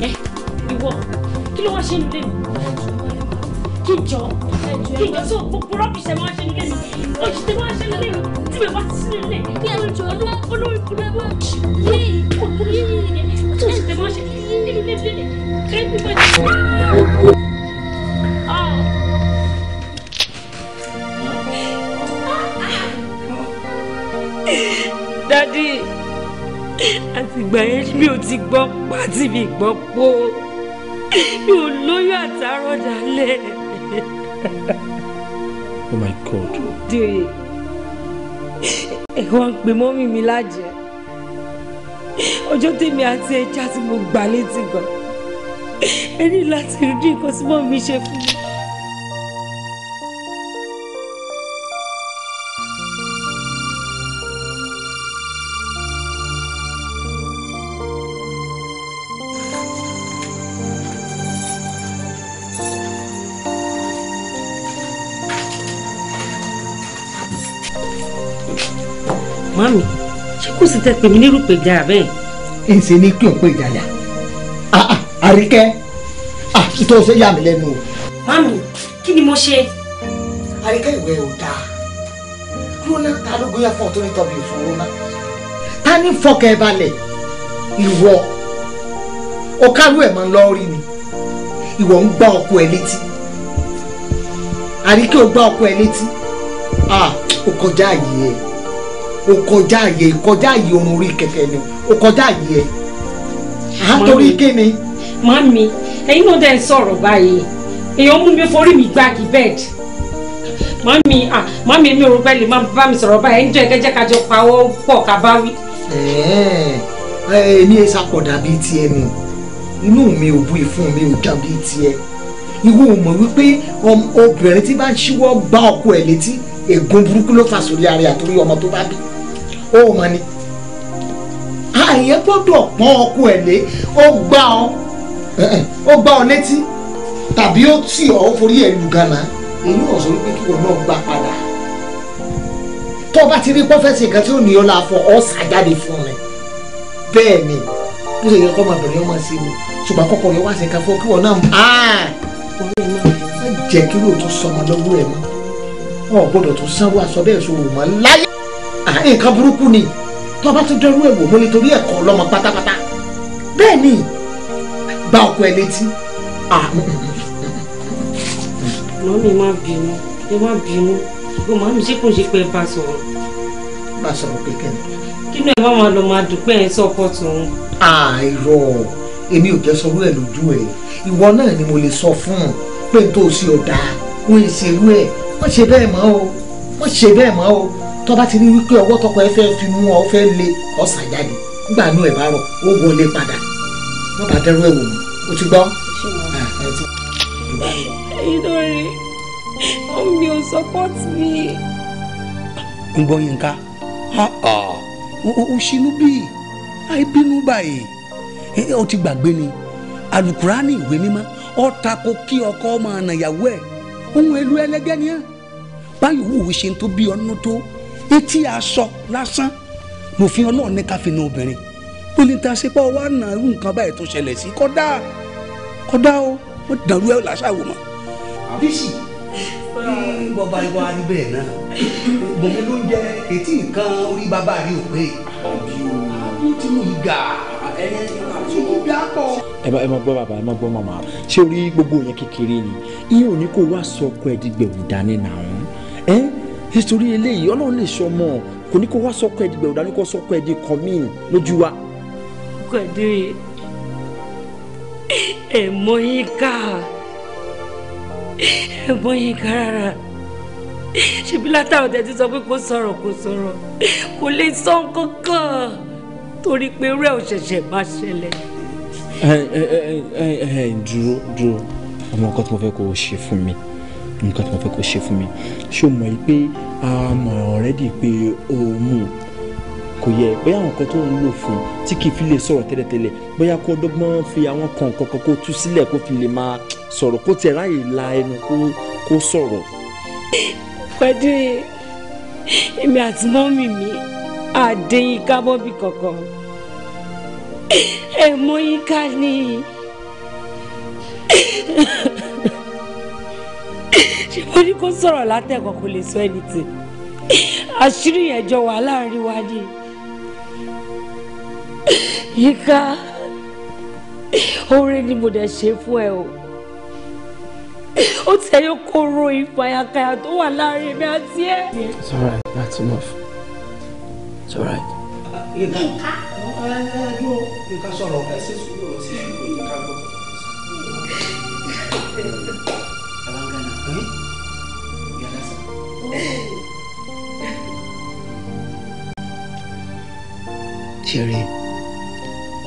S1: Ẹ ìwọ kí ló kíjọ kíjọ sọ gbogbo rọ́bìṣẹ́ máa ṣe nílé mi òṣìṣẹ́ máa ṣe nílé mi tí mi bá ti sí nílé kí
S4: ẹ jọ olórí kúrẹ́ wá yé òkú yé tí
S1: òṣìṣẹ́ máa ṣe nílé mi lébílẹ̀ kẹ́ẹ́ bí ah! bá ah! ti. dadi àtìgbà yẹn mi ò ti gbọ́ pàtì gbọ́ pọ́ mi ò lóyún àtàrọ̀ dálẹ̀.
S2: oh my god.
S1: dèrè ẹ̀wọ̀n ń pè mọ́mì mi lájẹ́ ọjọ́ tèmi àti ẹja tí mo gbà létí gan-an ẹ ní láti rí nǹkan tí mọ́mì mi ṣe fún mi.
S2: kò sì tẹ pèmí nírú pèjà bẹ́ẹ̀. ẹ ṣe ní kí n pè jàyà ah, ah, àríkẹ́ ah, tó ṣe yà mí lẹ́nu. mami kí ni mo ṣe. àríkẹ́ ìwé ò dáa gbóná ta ló gbóyà fún ọ tó ní tọ́bi ìṣòro náà. ta ní fọkẹ́ balẹ̀ ìwọ ọ̀kárù ẹ̀ máa ń lọ rí ni ìwọ ń gbá ọkọ ẹ létí àríkẹ́ ò gbá ọkọ ẹ létí ó kọjá àyè ẹ̀ o kọjá àyè kọjá àyè orun orí kẹ̀kẹ́ ni o kọjá àyè ẹ̀ à ń torí kí ni.
S1: màámi ẹ̀yin náà dẹ́ ń sọ̀rọ̀ báyìí èèyàn mú mi forí mi gbági bẹ́ẹ̀dì màámi ah màámi mi ò rò bẹ́ẹ̀ lè má bá mi sọ̀rọ̀ báyìí ẹ̀ ń jọ ẹ̀kẹ́jẹ́ kájọ pawọ́
S2: pọ̀ ká bá wí. ẹ ẹ ní esa pọ̀ dàbí tiẹ̀ ni inú mi ò bu ìfún mi ò dàbí tiẹ̀ ìwọ ò mọ̀ wípé obìnrin tí bá ń ṣíwọ́ gbá ọkọ ẹ̀ létí ègún burúkú ló fà sórí ara àtúrí ọmọ tó bá bí ó mọ ni àyè gbọ́dọ̀ pọ́n ọkọ ẹ̀ lé ó gbá ọ ó gbá ọ létí tàbí ó tì ọ ó forí ẹ̀ lù gánà èyí ò sọ pé kí wọn náà gbà padà tó bá ti rí pọ́fẹ́sì kan tí ó ní ọ la fọ ọ ṣàjáde fún rẹ bẹ́ẹ̀ ni bó ṣe yẹ kọ́ máa bẹ̀rẹ̀ ọmọ sí mi ṣùgbọ́n kọ́kọ́ rẹ wá sí ká fọ́ kí wọn náà jẹ́ kí lóòótọ́ sọmọ lọ́wọ́ ẹ̀ mọ́ wọn ò gbọdọ̀ tún sanwó aṣọ bẹ́ẹ̀ ṣòro mọ́ láyé nǹkan burúkú ni tó bá tún dẹrú ẹ̀wò mo nítorí ẹ̀kọ́ ọlọ́mọ pátápátá bẹ́ẹ̀ ni gba ọkọ ẹ létí.
S1: mọ́mí mm, mm, mm. má bínú ẹ má bínú ṣùgbọ́n màmí ṣé kò ṣe pé ẹ bá sọ̀rọ̀.
S2: bá sọ̀rọ̀ kékeré.
S1: kínú ẹ bá máa lọ máa dúpẹ́ ẹ sọ́kọ tòun.
S2: àìrọ̀ èmi ò jẹ́ sọ́rú ẹ̀ lójú ẹ̀ ìwọ náà ni mo lè sọ fún un pé n tó ṣe ọ̀dà ń ṣerú ẹ̀ má ṣe bẹ́ẹ̀ mọ́ o má ṣe bẹ́ẹ̀ mọ́ o tó bá ti rí wípé ọwọ́ tọkọ ẹ fẹ́ fi mú ọ fẹ́ lé ọ̀sà jáde nígbà inú ẹ̀ bá rọ̀ ó wọlé padà
S1: wọ́n
S3: bá
S2: dẹ́rú ẹ̀ wò mí o ti gbọ́. ìdórí
S1: ah, omi ò support mi.
S2: ń gbọ́ Yínká ó ṣinú bíi àìbínú báyìí ó ti gbàgbé ni alukurani ìwé mímọ́ ó tako kí ọkọ máa nà ẹ̀ ohun èlò ẹlẹgẹ́ ni ẹ́ báyìí wò ó ṣe tó bí ọdún tó etí aṣọ lásán lòfin ọlọ́run ní káfíń náà obìnrin ó ní ta sepá wa nà irú nǹkan báyìí tó ṣẹlẹ̀ sí kọ́dá kọ́dá o wọ́n dàrú ẹ̀ làṣàwò mọ́. àbísì bọ́ba ìwà níbẹ̀ náà bọ̀mọ́ ló ń jẹ etí nǹkan orí bàbá rí òpè. àbí o ti mú mi gà. ẹyẹ ẹ máa gbọ́ bàbá ẹ máa gbọ́ màmá ṣé orí gbogbo yẹn kékeré ni iye òní kò wá sọ ọkọ ẹ dìgbẹ̀wò dání nàá ẹ nítorí eléyìí ọlọ́run lè sọ ọmọ kò ní kó wá sọ ọkọ ẹ dìgbẹ̀wò dání kó sọ ọkọ ẹ di kọ́mí lójú wa.
S1: ọkọ ẹ dé ẹ mọ yín ká ẹ mọ yín ká rárá ṣebí látàrọ̀ tẹ̀ ti sọ pé kò sọ̀rọ̀ kò sọ̀rọ̀ kò lè sọ nǹkan kan torí pé irú ẹ̀ ò ṣẹ̀ṣẹ̀ máa ṣẹlẹ̀.
S2: dúró dúró àwọn nǹkan tí mo fẹ́ kó o ṣe fún mi nǹkan tí mo fẹ́ kó o ṣe fún mi ṣé o mọ̀ yìí pé a mọ̀ ọ̀rẹ́dì pé o mú un kò yẹ bóyá àwọn nǹkan tó ń lò fún tí kì í fi lè sọ̀rọ̀ tẹ́lẹ̀tẹ́lẹ̀ bóyá kó dọ́gbọ́n fi àwọn kan kankan kó tú sílẹ̀ kó fi lè máa sọ̀rọ̀ kó tiẹ̀ ráàyè la ẹnu kó sọ̀rọ̀.
S1: pẹ̀lú èmi àti mọ́mì mi Adéyínká bọ́bí kọ̀kọ́ ẹ mọ yínká ni ṣé mo ní kó sọ̀rọ̀ látẹ̀kọ̀ kò lè sọ ẹni tì àṣírí yẹn jọ wà láàrin wa ni yínká oore ni mo dẹ̀ ṣe fún ẹ o ó tẹ̀ yóò kóró ìfàyàkàyà tó wà láàrin mi àti ẹ.
S2: It's all that's enough. It's all right. Yínká ẹjọ́ Yínká sọ̀rọ̀ ẹ ṣe sùúrù ẹ ṣe sùúrù Yínká gbọ́. Abangana ẹ yàrá sà. Ṣeré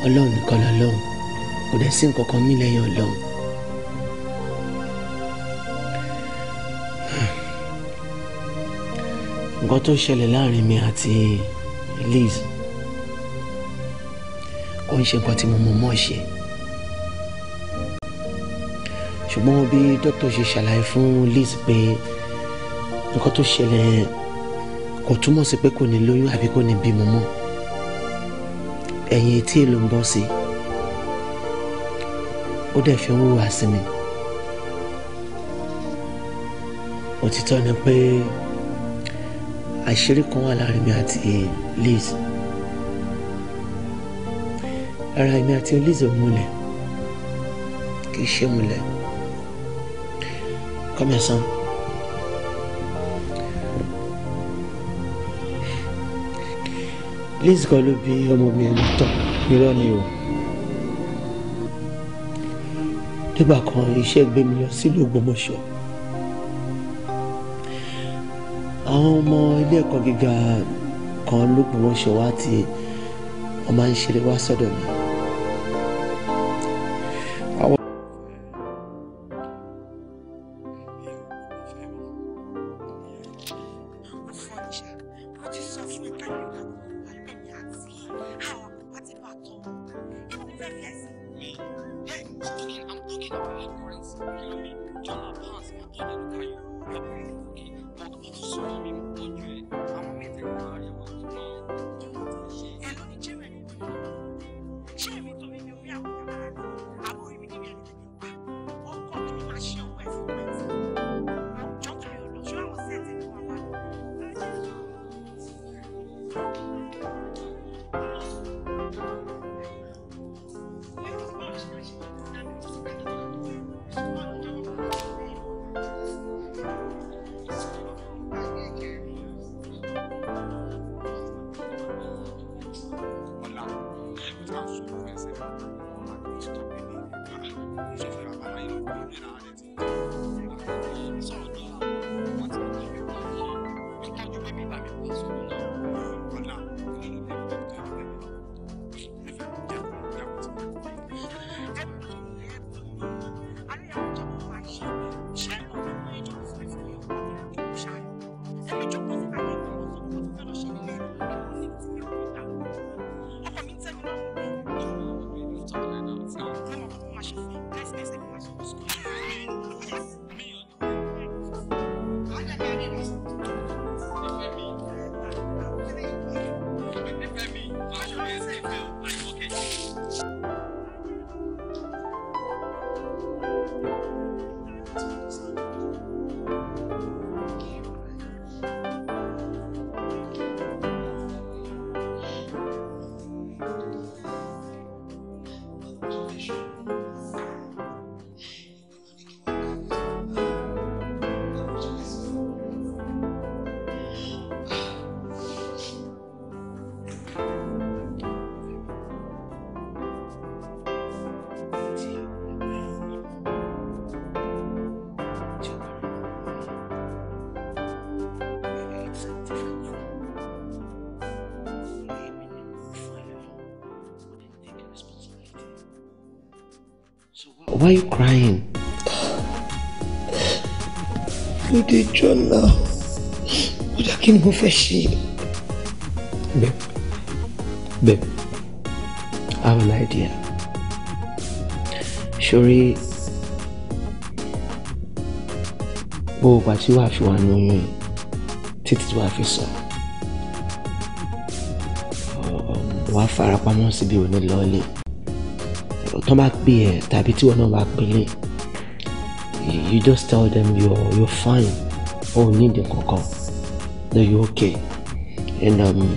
S2: ọlọ́run nìkan lọ́lọ́run hmm. nǹkan tó ṣẹlẹ̀ láàrin mi àti please kò ń ṣe nǹkan tí mo mọ̀ mọ́ ṣe ṣùgbọ́n bí dókítà ṣe ṣàlàyé fún Liz pé nǹkan tó ṣẹlẹ̀ kò túmọ̀ sí pé kò ní lóyún àbí kò ní bímọ mọ́ ẹ̀yìn etí èlò ń bọ́ sí ó dẹ̀ fi ń hùwà sí mi òtítọ́ ni pé. Pe àṣírí kan wà láàrin mi àti Liz ara mi àti Liz ò múlẹ̀ kì í ṣe múlẹ̀ kọ́mẹ̀sán. Liz kan ló bí ọmọ mi ẹni tán irọ́ ni o nígbà kan iṣẹ́ gbé mi lọ sílùú Ògbómọ̀ṣọ́. àwọn ọmọ ilé ẹ̀kọ́ gíga kan lóògùn wọn ṣe wá tí wọ́n máa ń ṣeré wá sọ́dọ̀ mi. why are you crying?
S6: ló
S3: did jọ́nà ó What are you going to ṣe.
S2: babe babe I have an idea Shuri, oh, but you have to know wà ní oyún yìí títí tí wàá fi sọ um, wàá farapamọ́ síbi òní lọ́ọ́lẹ̀ tán bá pè ẹ́ tàbí tí wọn náà bá you just tell them you're you're fine oh need nkankan no you're okay and um,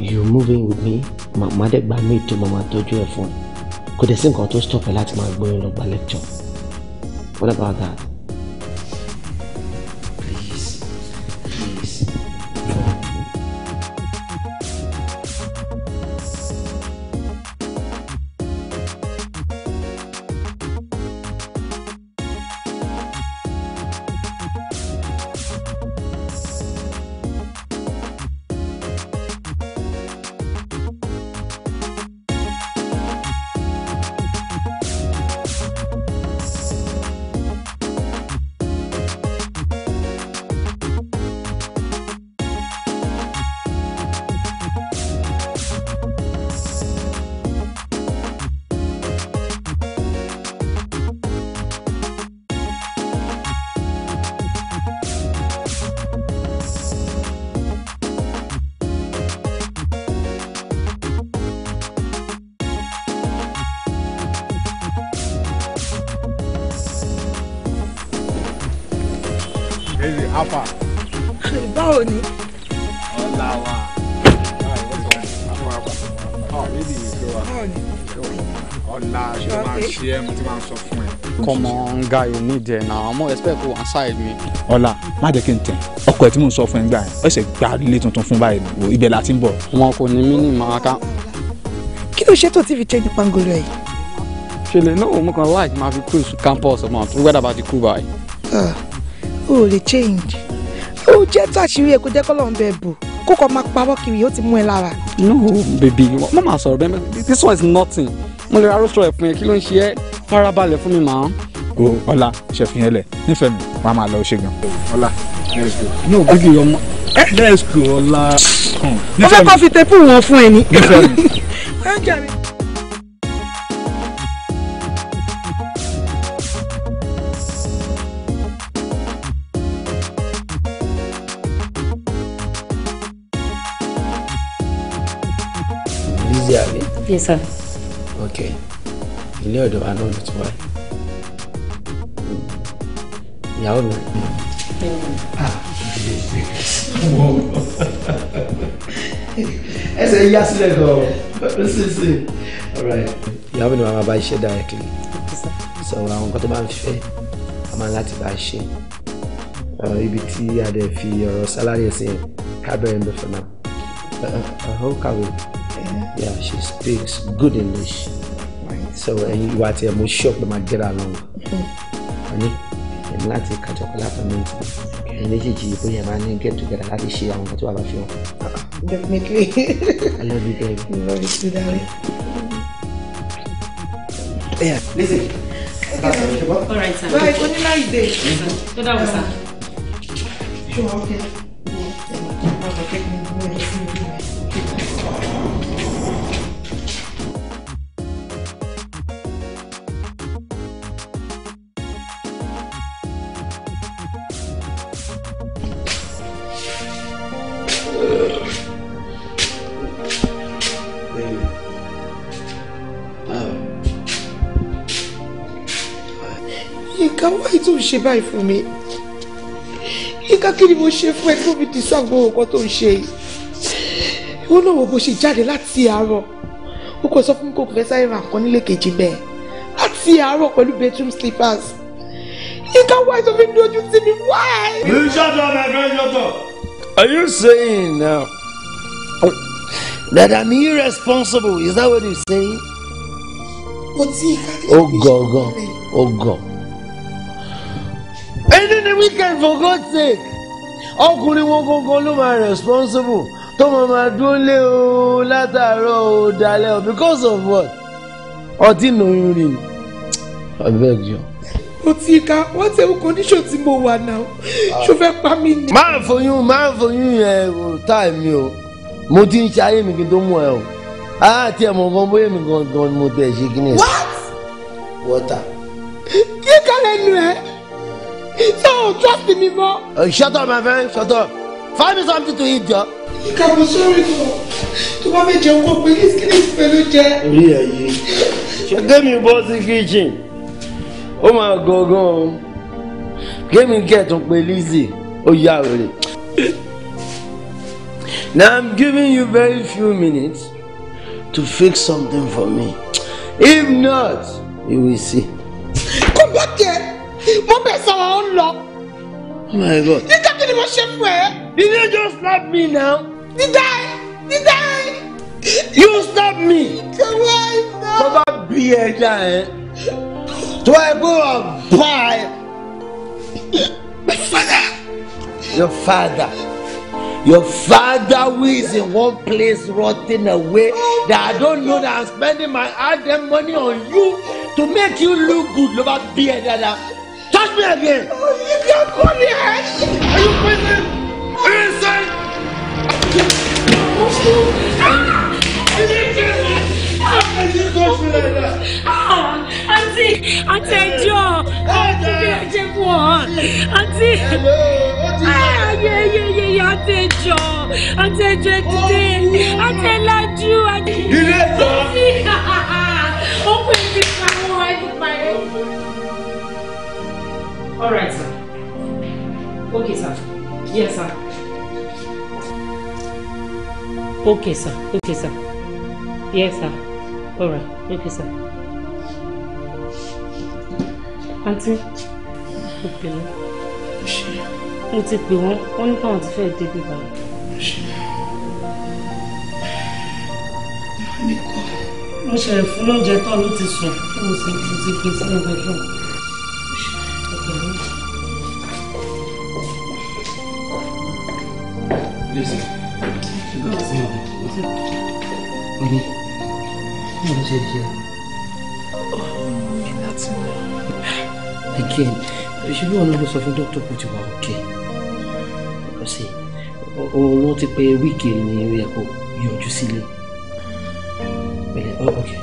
S2: you moving with me màmá dẹ̀ gba me to mama tọ́jú ẹ̀ fún kò dẹ̀ sí nǹkan tó stop ẹ̀ láti máa gbóyún lọ gba lecture what about that. young guy you need there na mo expect kó one side mi. ọ̀la má jẹ́ kí n tẹ̀ ọkọ̀ ẹ̀ tí mò ń sọ fún ẹ gbà yẹn ọ̀sẹ̀ gba ilé tuntun fún báyìí wo ibẹ̀ la ti ń bọ̀. wọn kò ní mí ní màá ká. kí
S3: ló ṣe tó ti fi ṣe ní pangolo ẹ̀.
S2: ṣẹlẹ̀ náà mo kàn láì máa fi cruise campus ọmọ àti wẹ́dà bá ti kú báyìí. o ah, ò lè change ó jẹ́ tàṣírí èkó jẹ́ kọ́lọ́ ń bẹ bò kó kọ́ máa no baby má máa sọ̀rọ̀ this one is nothing mo lè ra rọ́ṣọ̀ ẹ̀ fún ẹ kí ló ń ṣe ẹ́ farabalẹ̀ fún mi màá o ọlá ṣẹfihàn lẹ nífẹ̀ẹ́ mi wà á máa lọ ṣe gan. ọlá let's go. ọmọ eh, eh, let's go ọlá. Hmm. mo fẹ́ kọ́ fi tẹ́pù wọn fún ẹ ní. Yes, sir. Okay. You know wa náà ló ti wáyé ìyàwó mi. Ah. ẹsẹ̀ yíyá sílẹ̀ gan-an sísìn. ìyàwó mi ni màá bá iṣẹ́ directly so àwọn nǹkan to bá ń fẹ́ a máa láti bá a ṣe uh, ibi tí a dẹ̀ fi ọ̀rọ̀ sálárì ẹ̀sìn kábẹ̀rẹ̀ ń bẹ̀ fún náà. Ó kàwé. Yeah, she speaks good English. Right. So, and you are there, we shop, but my get along.
S5: Mm-hmm
S2: láti kájọ pẹ̀lú apartment ẹ̀yin méjèèjì bóyá máa ní get together láti ṣe àwọn nǹkan tó wà bá fi hàn. definitely. I love you baby. I love you too darling. Yeah, listen. Okay. All right, sir. Bye. Only nice day. So that was sir. Sure. Okay. Yeah. Okay. ṣe báyìí fún mi ìka kí ni mo ṣe fún ẹ tó fi dìísà gbogbo nǹkan tó ń ṣe yìí ìwọ náà wo bó ṣe jáde láti àárọ̀ ó kò sọ fún kò fẹ́ sáré ra nǹkan nílé kejì bẹ́ẹ̀ láti àárọ̀ pẹ̀lú bedroom slippers ìka wáyé tó fi dojú sí mi wáyé. you shut up my friend shut up. are you saying now oh, that i'm irresponsible is that what you saying. mo ti ìka kí ni oh, ṣe fún mi. ó ẹni ni weekend for God's sake ọkùnrin wọn gangan ló máa responsible tó máa máa dúró lé o látàárọ̀ o dalẹ́ o because of what ọtí nòyún rí ni abeg jọ. Otika, what's the condition tí mo wà náà? Ṣo fẹ́ pa mí ni? Máa foyún máa foyún ẹ̀ táì mi o, mo ti ń ṣe ayé mi kí n tó mú ẹ o ah tí ẹ mọ gan bóyá mi gan gan mo tẹ ṣe kí ni. what. water. kí kálẹ̀ nu ẹ. No, trust me more. Uh, shut up, my friend. Shut up. Find me something to eat, yeah. Kàbọ̀ sórí kan, tó bá fẹ́ jẹun kó pe kírísì pẹ̀lú jẹ. Orí ẹ̀ yìí. Ṣé mi bọ́ sí kíchìn? Ó máa gangan o. Gémi kẹ̀tún pe Lizzy, ó yá wèrè. Now I'm giving you very few minutes to fix something for me. If not, you will see mo bẹ̀ sọ̀rọ̀ ó lọ. oh my god. dídá kí ni mo ṣe fún ẹ. did you just slap me now. dídá dídá. you slap me. ìjọba iná. tó bá bí ẹja ẹ tó ẹ bó wà bá ẹ. my father. your father. Your father who is in one place rotting away that I don't know that I'm spending my hard-earned money on you to make you look good. Ló bá bí ẹ dáadáa. Touch me again! Oh, you can't go there! Are you crazy? Inside!
S6: Ah!
S4: You didn't get me! How can you touch me like that? Ah! Auntie! Auntie, endure! Auntie, endure for one! Auntie! Hello! ah, yeah, yeah, yeah, yeah! Auntie, endure! Auntie, endure today! Auntie, love you! Auntie! You left! Auntie! Open this, I won't
S6: write it by
S1: All right, sir. Okay, sir. Yes, sir. Okay, sir. Okay, sir. Yes, sir. All right. Okay, sir. Auntie, mo pè wọ́n. Mo ti pè wọ́n, wọ́n ní káwọn ti fẹ́ débi báyìí. Mo ṣẹ̀rẹ̀ fún lóúnjẹ tán ló ti sùn, fún mi sí ti gbé sínú bẹ́ẹ̀ náà.
S5: Listen. Listen. Listen.
S3: Honey, what is it here?
S4: Oh, in that
S2: Again, ṣe bí ọ̀nà ló sọ fún dókítà kò ti wà òkè. Lọ sí, òun ló ti pé wíìkì ni ó yẹ oh okay,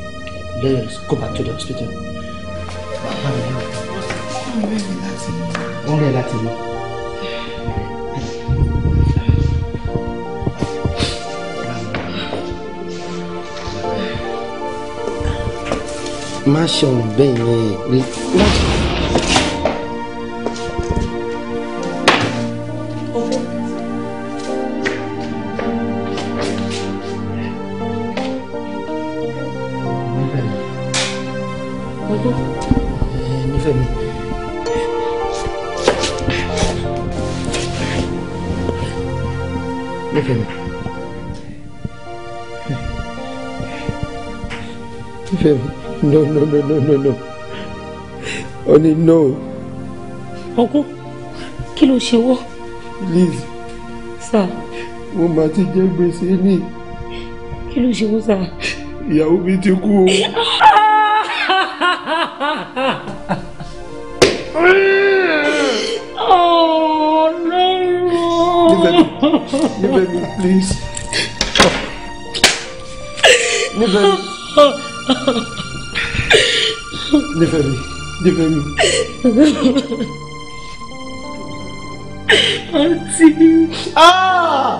S2: let us go back to the hospital. Bàbá mi yóò kọ́. Wọ́n rẹ̀ láti mú. Wọ́n rẹ̀ má ṣọ̀rọ̀ bẹ́ẹ̀ yẹn rí má ṣọ̀rọ̀. No, no, no, no, no, no. Honey, no. Uncle, kí ló ṣe wọ́? Please. Sir. Mo máa ti jẹ gbèsè ní.
S1: Kí ló ṣe wọ́ sà?
S2: Ìyàwó mi ti kú o.
S4: Nífẹ̀mí, Nífẹ̀mí, please. Nífẹ̀mí.
S2: nífẹ̀ẹ́ mi nífẹ̀ẹ́ oh, àǹtí. ah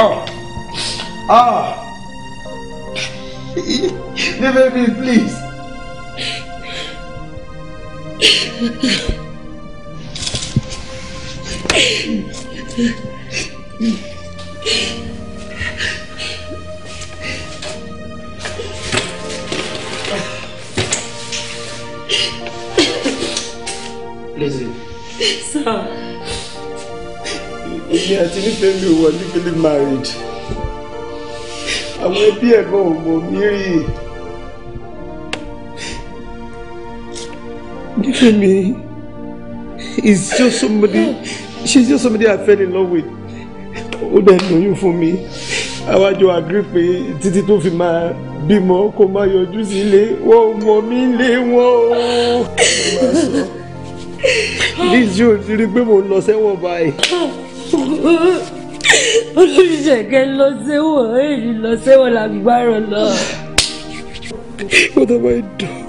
S2: ah, ah! nífẹ̀ẹ́ mi please.
S4: Thank you.
S2: èmi àti Nífẹ̀mí ò wà legally married àwọn ẹbí ẹ̀gbọ́n ò mọ̀ mí rí Nífẹ̀mí is just somebody she's just somebody I fell in love with ó dẹ̀ lóyún fún mi àwájọ agree pé títí tó fi máa bímọ kó máa yọjú sí ilé wọn ò mọ̀ mí lé wọn o. Bíjú ò ti rí pé mò ń lọ sẹ́wọ̀n báyìí olùṣègùn
S1: lọ sẹ́wọ̀n èyí lọ sẹ́wọ̀n làgbàrọ lọ. what am
S2: I doing?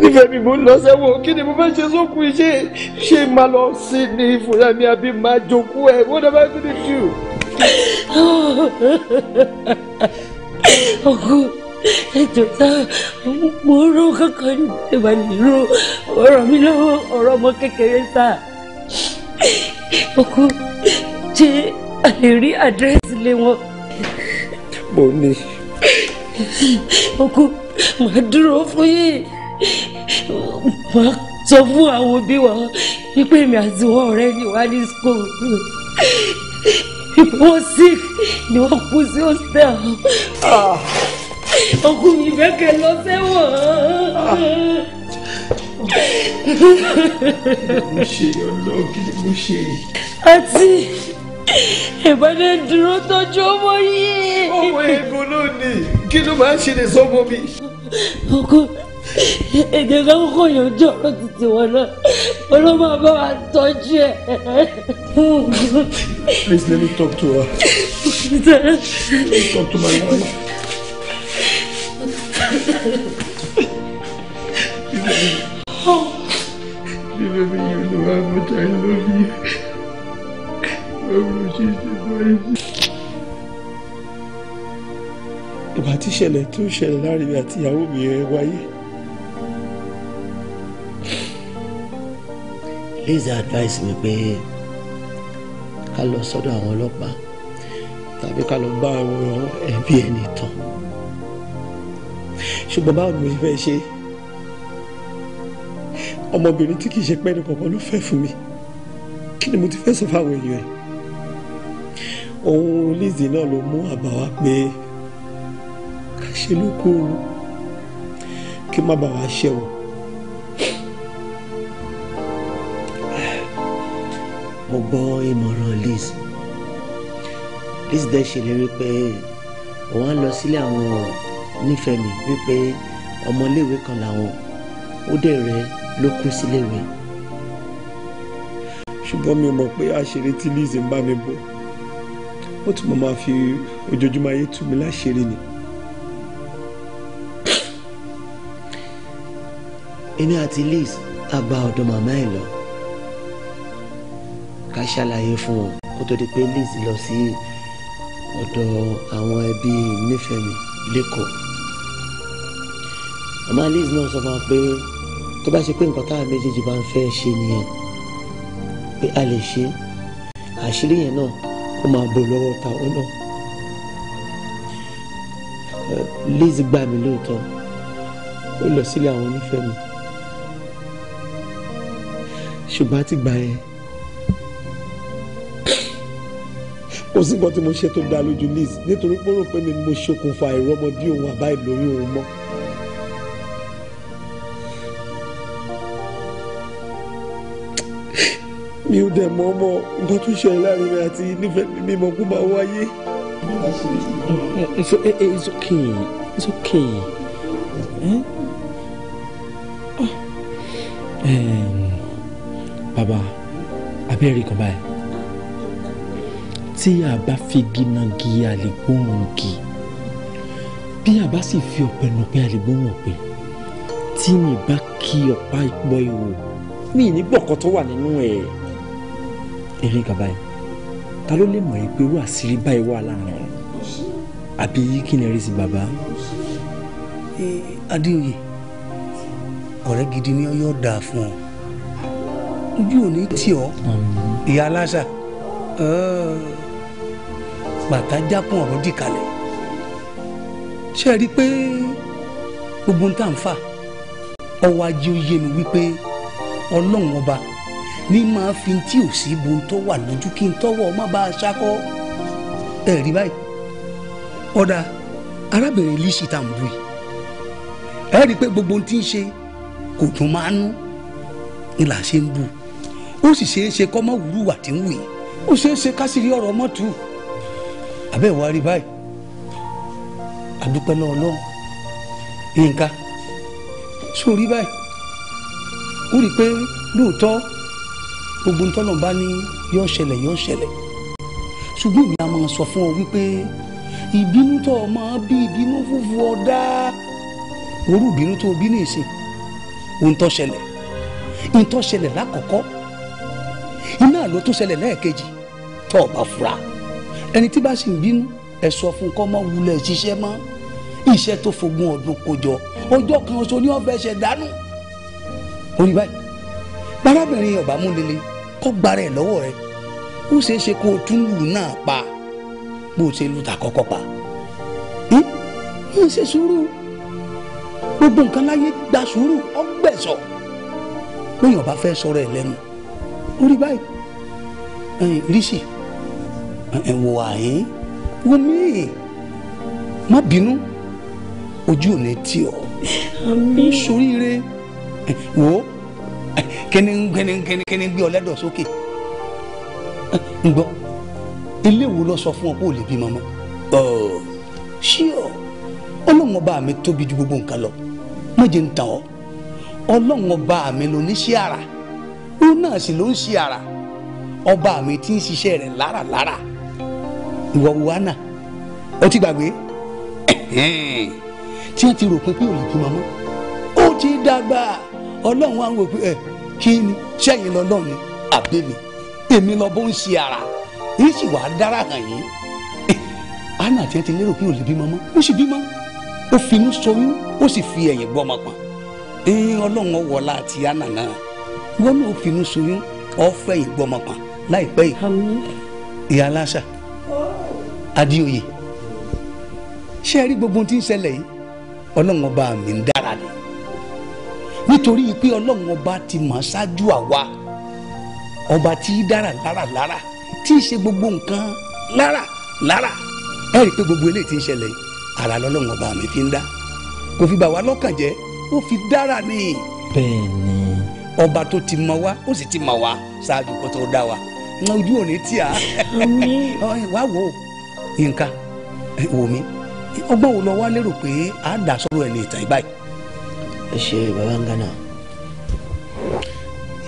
S2: nífẹ̀ẹ́ mi mo lọ sẹ́wọ̀n kí ni mo fẹ́ ṣe sókun iṣẹ́ ṣé máa lọ sí ní ìfúnra mi àbí máa jókòó ẹ̀ what am I gonna do? ọkùnrin ẹjọ
S1: tá mo rò kankan ní ìbànújẹ́ ọ̀rọ̀ mi lọ́wọ́ ọ̀rọ̀ ọmọ kékeré sáà ọkọ ṣé a lè rí àdírẹ́sì lé wọn. mo ní. ọkọ màá dúró fún yìí màá sọ fún àwọn òbí wa wípé èmi àti wọn ọ̀rẹ́ ni wà ní school wọ́n sick ni wọ́n kú sí hostel ọkùnrin ah. ìfẹ́ lọ sẹ́wọ̀n. Ah mo
S2: ṣe ọlọ́run kí ni mo ṣe. àti ìbọ̀dẹ̀ dúró tọ́jú ọmọ yìí. ọmọ egun ló ní kí ló máa ń ṣe lè sọ́mọ mi.
S1: ọkọ èdè náà kò yànjú ọ̀rọ̀ títí wọn náà ọlọ́mọ bá wa tọ́jú ẹ̀.
S2: Please let me talk to her.
S4: let me talk to my wife. You never me, you know how much I love you. How much is the voice?
S2: Ìgbà tí ìṣẹ̀lẹ̀ tó ṣẹlẹ̀ láàrin mi àti ìyàwó mi ẹ wáyé. Liza advice mi pé ká lọ sọ́dọ̀ àwọn ọlọ́pàá tàbí ká lọ bá àwọn ẹbí ẹni tán. Ṣùgbọ́n báwo ni mo fẹ́ ṣe ọmọbìnrin tí kìí ṣe pẹ́ ní kọ̀ọ̀kan ló fẹ́ fún mi kí ni mo ti fẹ́ sọ fáwọn èèyàn ẹ̀ òun Lizzy náà ló mú àbá wa pé ká ṣe ló kú oorun kí má bàa wá ṣẹ̀wọ̀n. mo gbọ́ ìmọ̀ràn Liz Liz dẹ̀ ṣèlérí pé òun á lọ sílé àwọn nífẹ̀ẹ́ mi wípé ọmọléèwé kan làwọn ó dẹ̀ rẹ̀ ẹ́ ló kú síléèwé. ṣùgbọ́n mi ò mọ̀ pé àṣírí tí Lizzy ń bá mi bò ó tún mọ̀ máa fi ojoojúmọ́ ayé tú mi láṣìírí ni. èmi àti Liz a gba ọ̀dọ̀ màmá ẹ̀ lọ ká ṣàlàyé fún wọn kó tó di pé Liz lọ sí ọ̀dọ̀ àwọn ẹbí nífẹ̀ẹ́ mi lẹ́kọ̀ọ́ màmá Liz náà sọ fún wa pé tó bá ṣe pé nǹkan táwọn méjèèjì bá ń fẹ́ ṣe nìyẹn pé a lè ṣe àṣírí yẹn náà ó máa bò lọ́wọ́ ta ó náà Liz gbà mí lóòótọ́ ó lọ sílé àwọn onífẹ̀ẹ́ mi ṣùgbọ́n àti gbà yẹn kò sí nǹkan tí mo ṣe tó dá lójú Liz nítorí pé ó rò pé mi mo ṣokùnfà ìrọmọ bí òun àbá ìlóyún òun mọ́. mi ò dẹ̀ mọ́ ọmọ nǹkan tó ṣe láàrin mi àti nífẹ̀ẹ́ mi mọ̀ kó máa wáyé. it's okay it's okay it's okay. Eh? Ah. bàbá abẹ́rẹ́ kan báyìí tí a bá fi gínàgí a lè gbóhùn gi bí a bá sì fi ọ̀pẹ nùpẹ́ a lè gbóhùn ọ̀pẹ tí mi bá kí ọ̀pá ìpọ̀ ìwò mi ní gbọ̀kọ́ tó wà nínú ẹ̀. E eré nǹkan báyìí ta ló lè mọ̀ ẹ́ pé irú àṣírí báyìí wà láàrin rẹ̀ àbí kí ni rí sí bàbá. adéoyè ọ̀rẹ́ gidi ni ọ yóò dáa fún ọ ojú ò ní tì ọ ìyá aláṣà bàtà jákun ọ̀rọ̀ dì kalẹ̀ ṣe rí i pé gbogbo ń tà fà ọwọ́ ajé ó yé mi wípé ọlọ́run ọba ní máa fi tí ò sí bo tó wà lójú kí n tọwọ́ ọmọ bá a ṣakọ́ ẹ rí báyìí ọ̀dà arábìnrin lísì tá à bu yìí ẹ rí i pé gbogbo ohun tí ń ṣe kò dùn máa nú ni là ṣe ń bu ó sì ṣeé ṣe kọ́ mọ́ wúrúwà tí ń wù yìí ó ṣeé ṣe ká sì rí ọ̀rọ̀ ọmọ tù àbẹ́ ìwà rí báyìí àdúpẹ́ lọ́wọ́ lọ́wọ́ yínká sórí báyìí ó rí i pé lóòótọ́ gbogbo ntọ́lọ̀ bá ní yọ ṣẹlẹ̀ yọ ṣẹlẹ̀ ṣùgbọ́n mi a máa sọ fún ọ wípé ìbínú tó o máa bí ìbínú fúfu ọ̀dá orú ìbínú tó o bí ní ìsìn ohun tó ṣẹlẹ̀ ohun tó ṣẹlẹ̀ lákọ̀ọ́kọ́ iná ló tún ṣẹlẹ̀ lẹ́ẹ̀kejì tó o bá fura ẹni tí bá sì ń bínú ẹ sọ fún kọ́ mọ́ wulẹ̀ ṣiṣẹ́ mọ́ iṣẹ́ tó fogún ọdún kojọ ọjọ́ kan oṣù ní ọ̀fẹ́ ṣẹ̀ dánú orí báyìí bárábìnrin ọ̀bámúlele kó gbára ẹ̀ lọ́wọ́ rẹ ó ṣeé ṣe kó o tún lù náà pa bó o ṣe lù tà kọ́kọ́ pa ń hm? ṣe sùúrù gbogbo nǹkan láyé gba sùúrù ọgbẹ̀sọ̀ lóyún ọba fẹ́ sọ̀rọ̀ ẹ̀ lẹ́nu orí báyìí rísì ẹ̀ wò àyín wò míì má bínú ojú ò ní tì ọ́ sóríire wò ó. kíni kíni kíni kíni gbé ọlẹ́dọ̀ sókè ń gbọ́ ilé wo lọ sọ fún ọ kó o lè bímọ mọ́ ọ ṣíọ ọlọ́run ọba mi tóbi ju gbogbo nǹkan lọ méje ń tàn ọ́ ọlọ́run ọba mi ló ní ṣe ara òun náà sì ló ń ṣe ara ọba mi ti ń ṣiṣẹ́ rẹ̀ láralára ìwọ wa náà ó ti gbàgbé tí wọ́n ti rò pé pé o lè bímọ mọ́ ó ti dàgbà. ọlọ́run á wò ẹ eh, kí ni sẹ́yìn lọ́lọ́run ni èmi lọ bụ ń ṣe ara yìí sì wàá dára Ana eh, ti lérò pé ò lè bímọ mọ́ o sì bímọ finú o sì fi ẹ̀yìn gbọ́ ọmọ ọlọ́run ọwọ́lá àti ana náà wọn náà finú ṣoyún ọ̀fẹ́ ẹ̀yìn gbọ́ ọmọ pọ̀n láìpẹ́ yìí ìyá aláṣà gbogbo tí ń ọba mi nítorí pé ọlọ́run ọba ti mọ̀ ṣáájú àwa ọba tí í dára lára lára tí í ṣe gbogbo nǹkan lára lára ẹ rí i pé gbogbo eléyìí ti ń ṣẹlẹ̀ ara lọ́lọ́run ọba mi fi ń dá kò fi bà wá lọ́kàn jẹ́ ó fi dára ní. bẹ́ẹ̀ ni. ọba tó ti mọ̀ wá ó sì ti mọ̀ wá ṣáájú kó tó dá wa ojú ò ní tì á wá wò ó nǹkan wò mí ọgbọ́n wo lọ wá lérò pé àá dà sọ́rọ̀ ẹ̀ ní ìtàn ìbáyìí ẹ ṣe bàbá ń gánà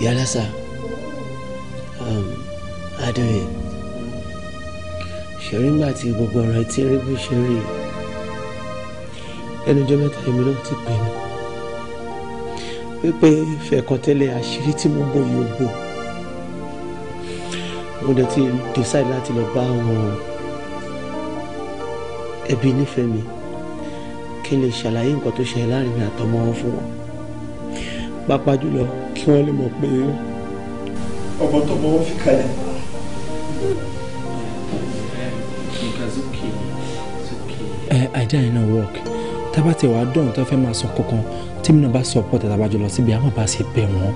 S2: ìyá lásà adóye ṣòrí ńgbà tí gbogbo ọ̀rọ̀ tí eré bú ṣe rí ẹnu ọjọ́ mẹ́ta èmi náà ti pè mí wípé fẹ̀kọ̀tẹ́lẹ̀ àṣírí tí mo bọ̀ yóò bò mo dẹ̀ ti decide láti lọ bá àwọn ẹbí nífẹ̀ẹ́ mi kí n lè ṣàlàyé nǹkan tó ṣẹlẹ̀ láàrin mi àtọmọ wọn fún wọn pápá jùlọ kí wọ́n lè mọ̀ pé ọmọ tọmọ wọn fi kalẹ̀. àìdá yẹn náà work tábà tí wàá dọ̀hún tó fẹ́ máa sọ kankan tí mi náà bá support tàbá jùlọ síbi àwọn bá ṣe bẹ̀ wọ́n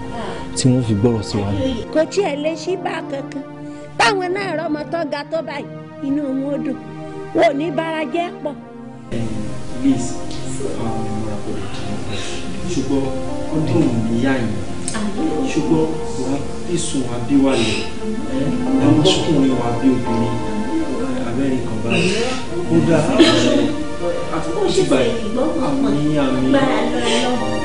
S2: tí wọ́n fi gbọ́rọ̀ sí wa.
S4: kò tiẹ̀ lè ṣí bá a kankan táwọn náà rọmọ tó ga tó báyìí inú wọn ò dùn wọn ò ní bára jẹ́ pọ̀
S2: least fún àwọn ìmúra kò lè dùn ṣùgbọ́n ọdún òní yá yìí ṣùgbọ́n wà á bísùn wà á bí wà lẹ̀ àwọn ọkùnrin wà á bí obìnrin abẹ́rẹ́ kan báyìí kódà àti ìgbà yìí àmì
S4: àmì.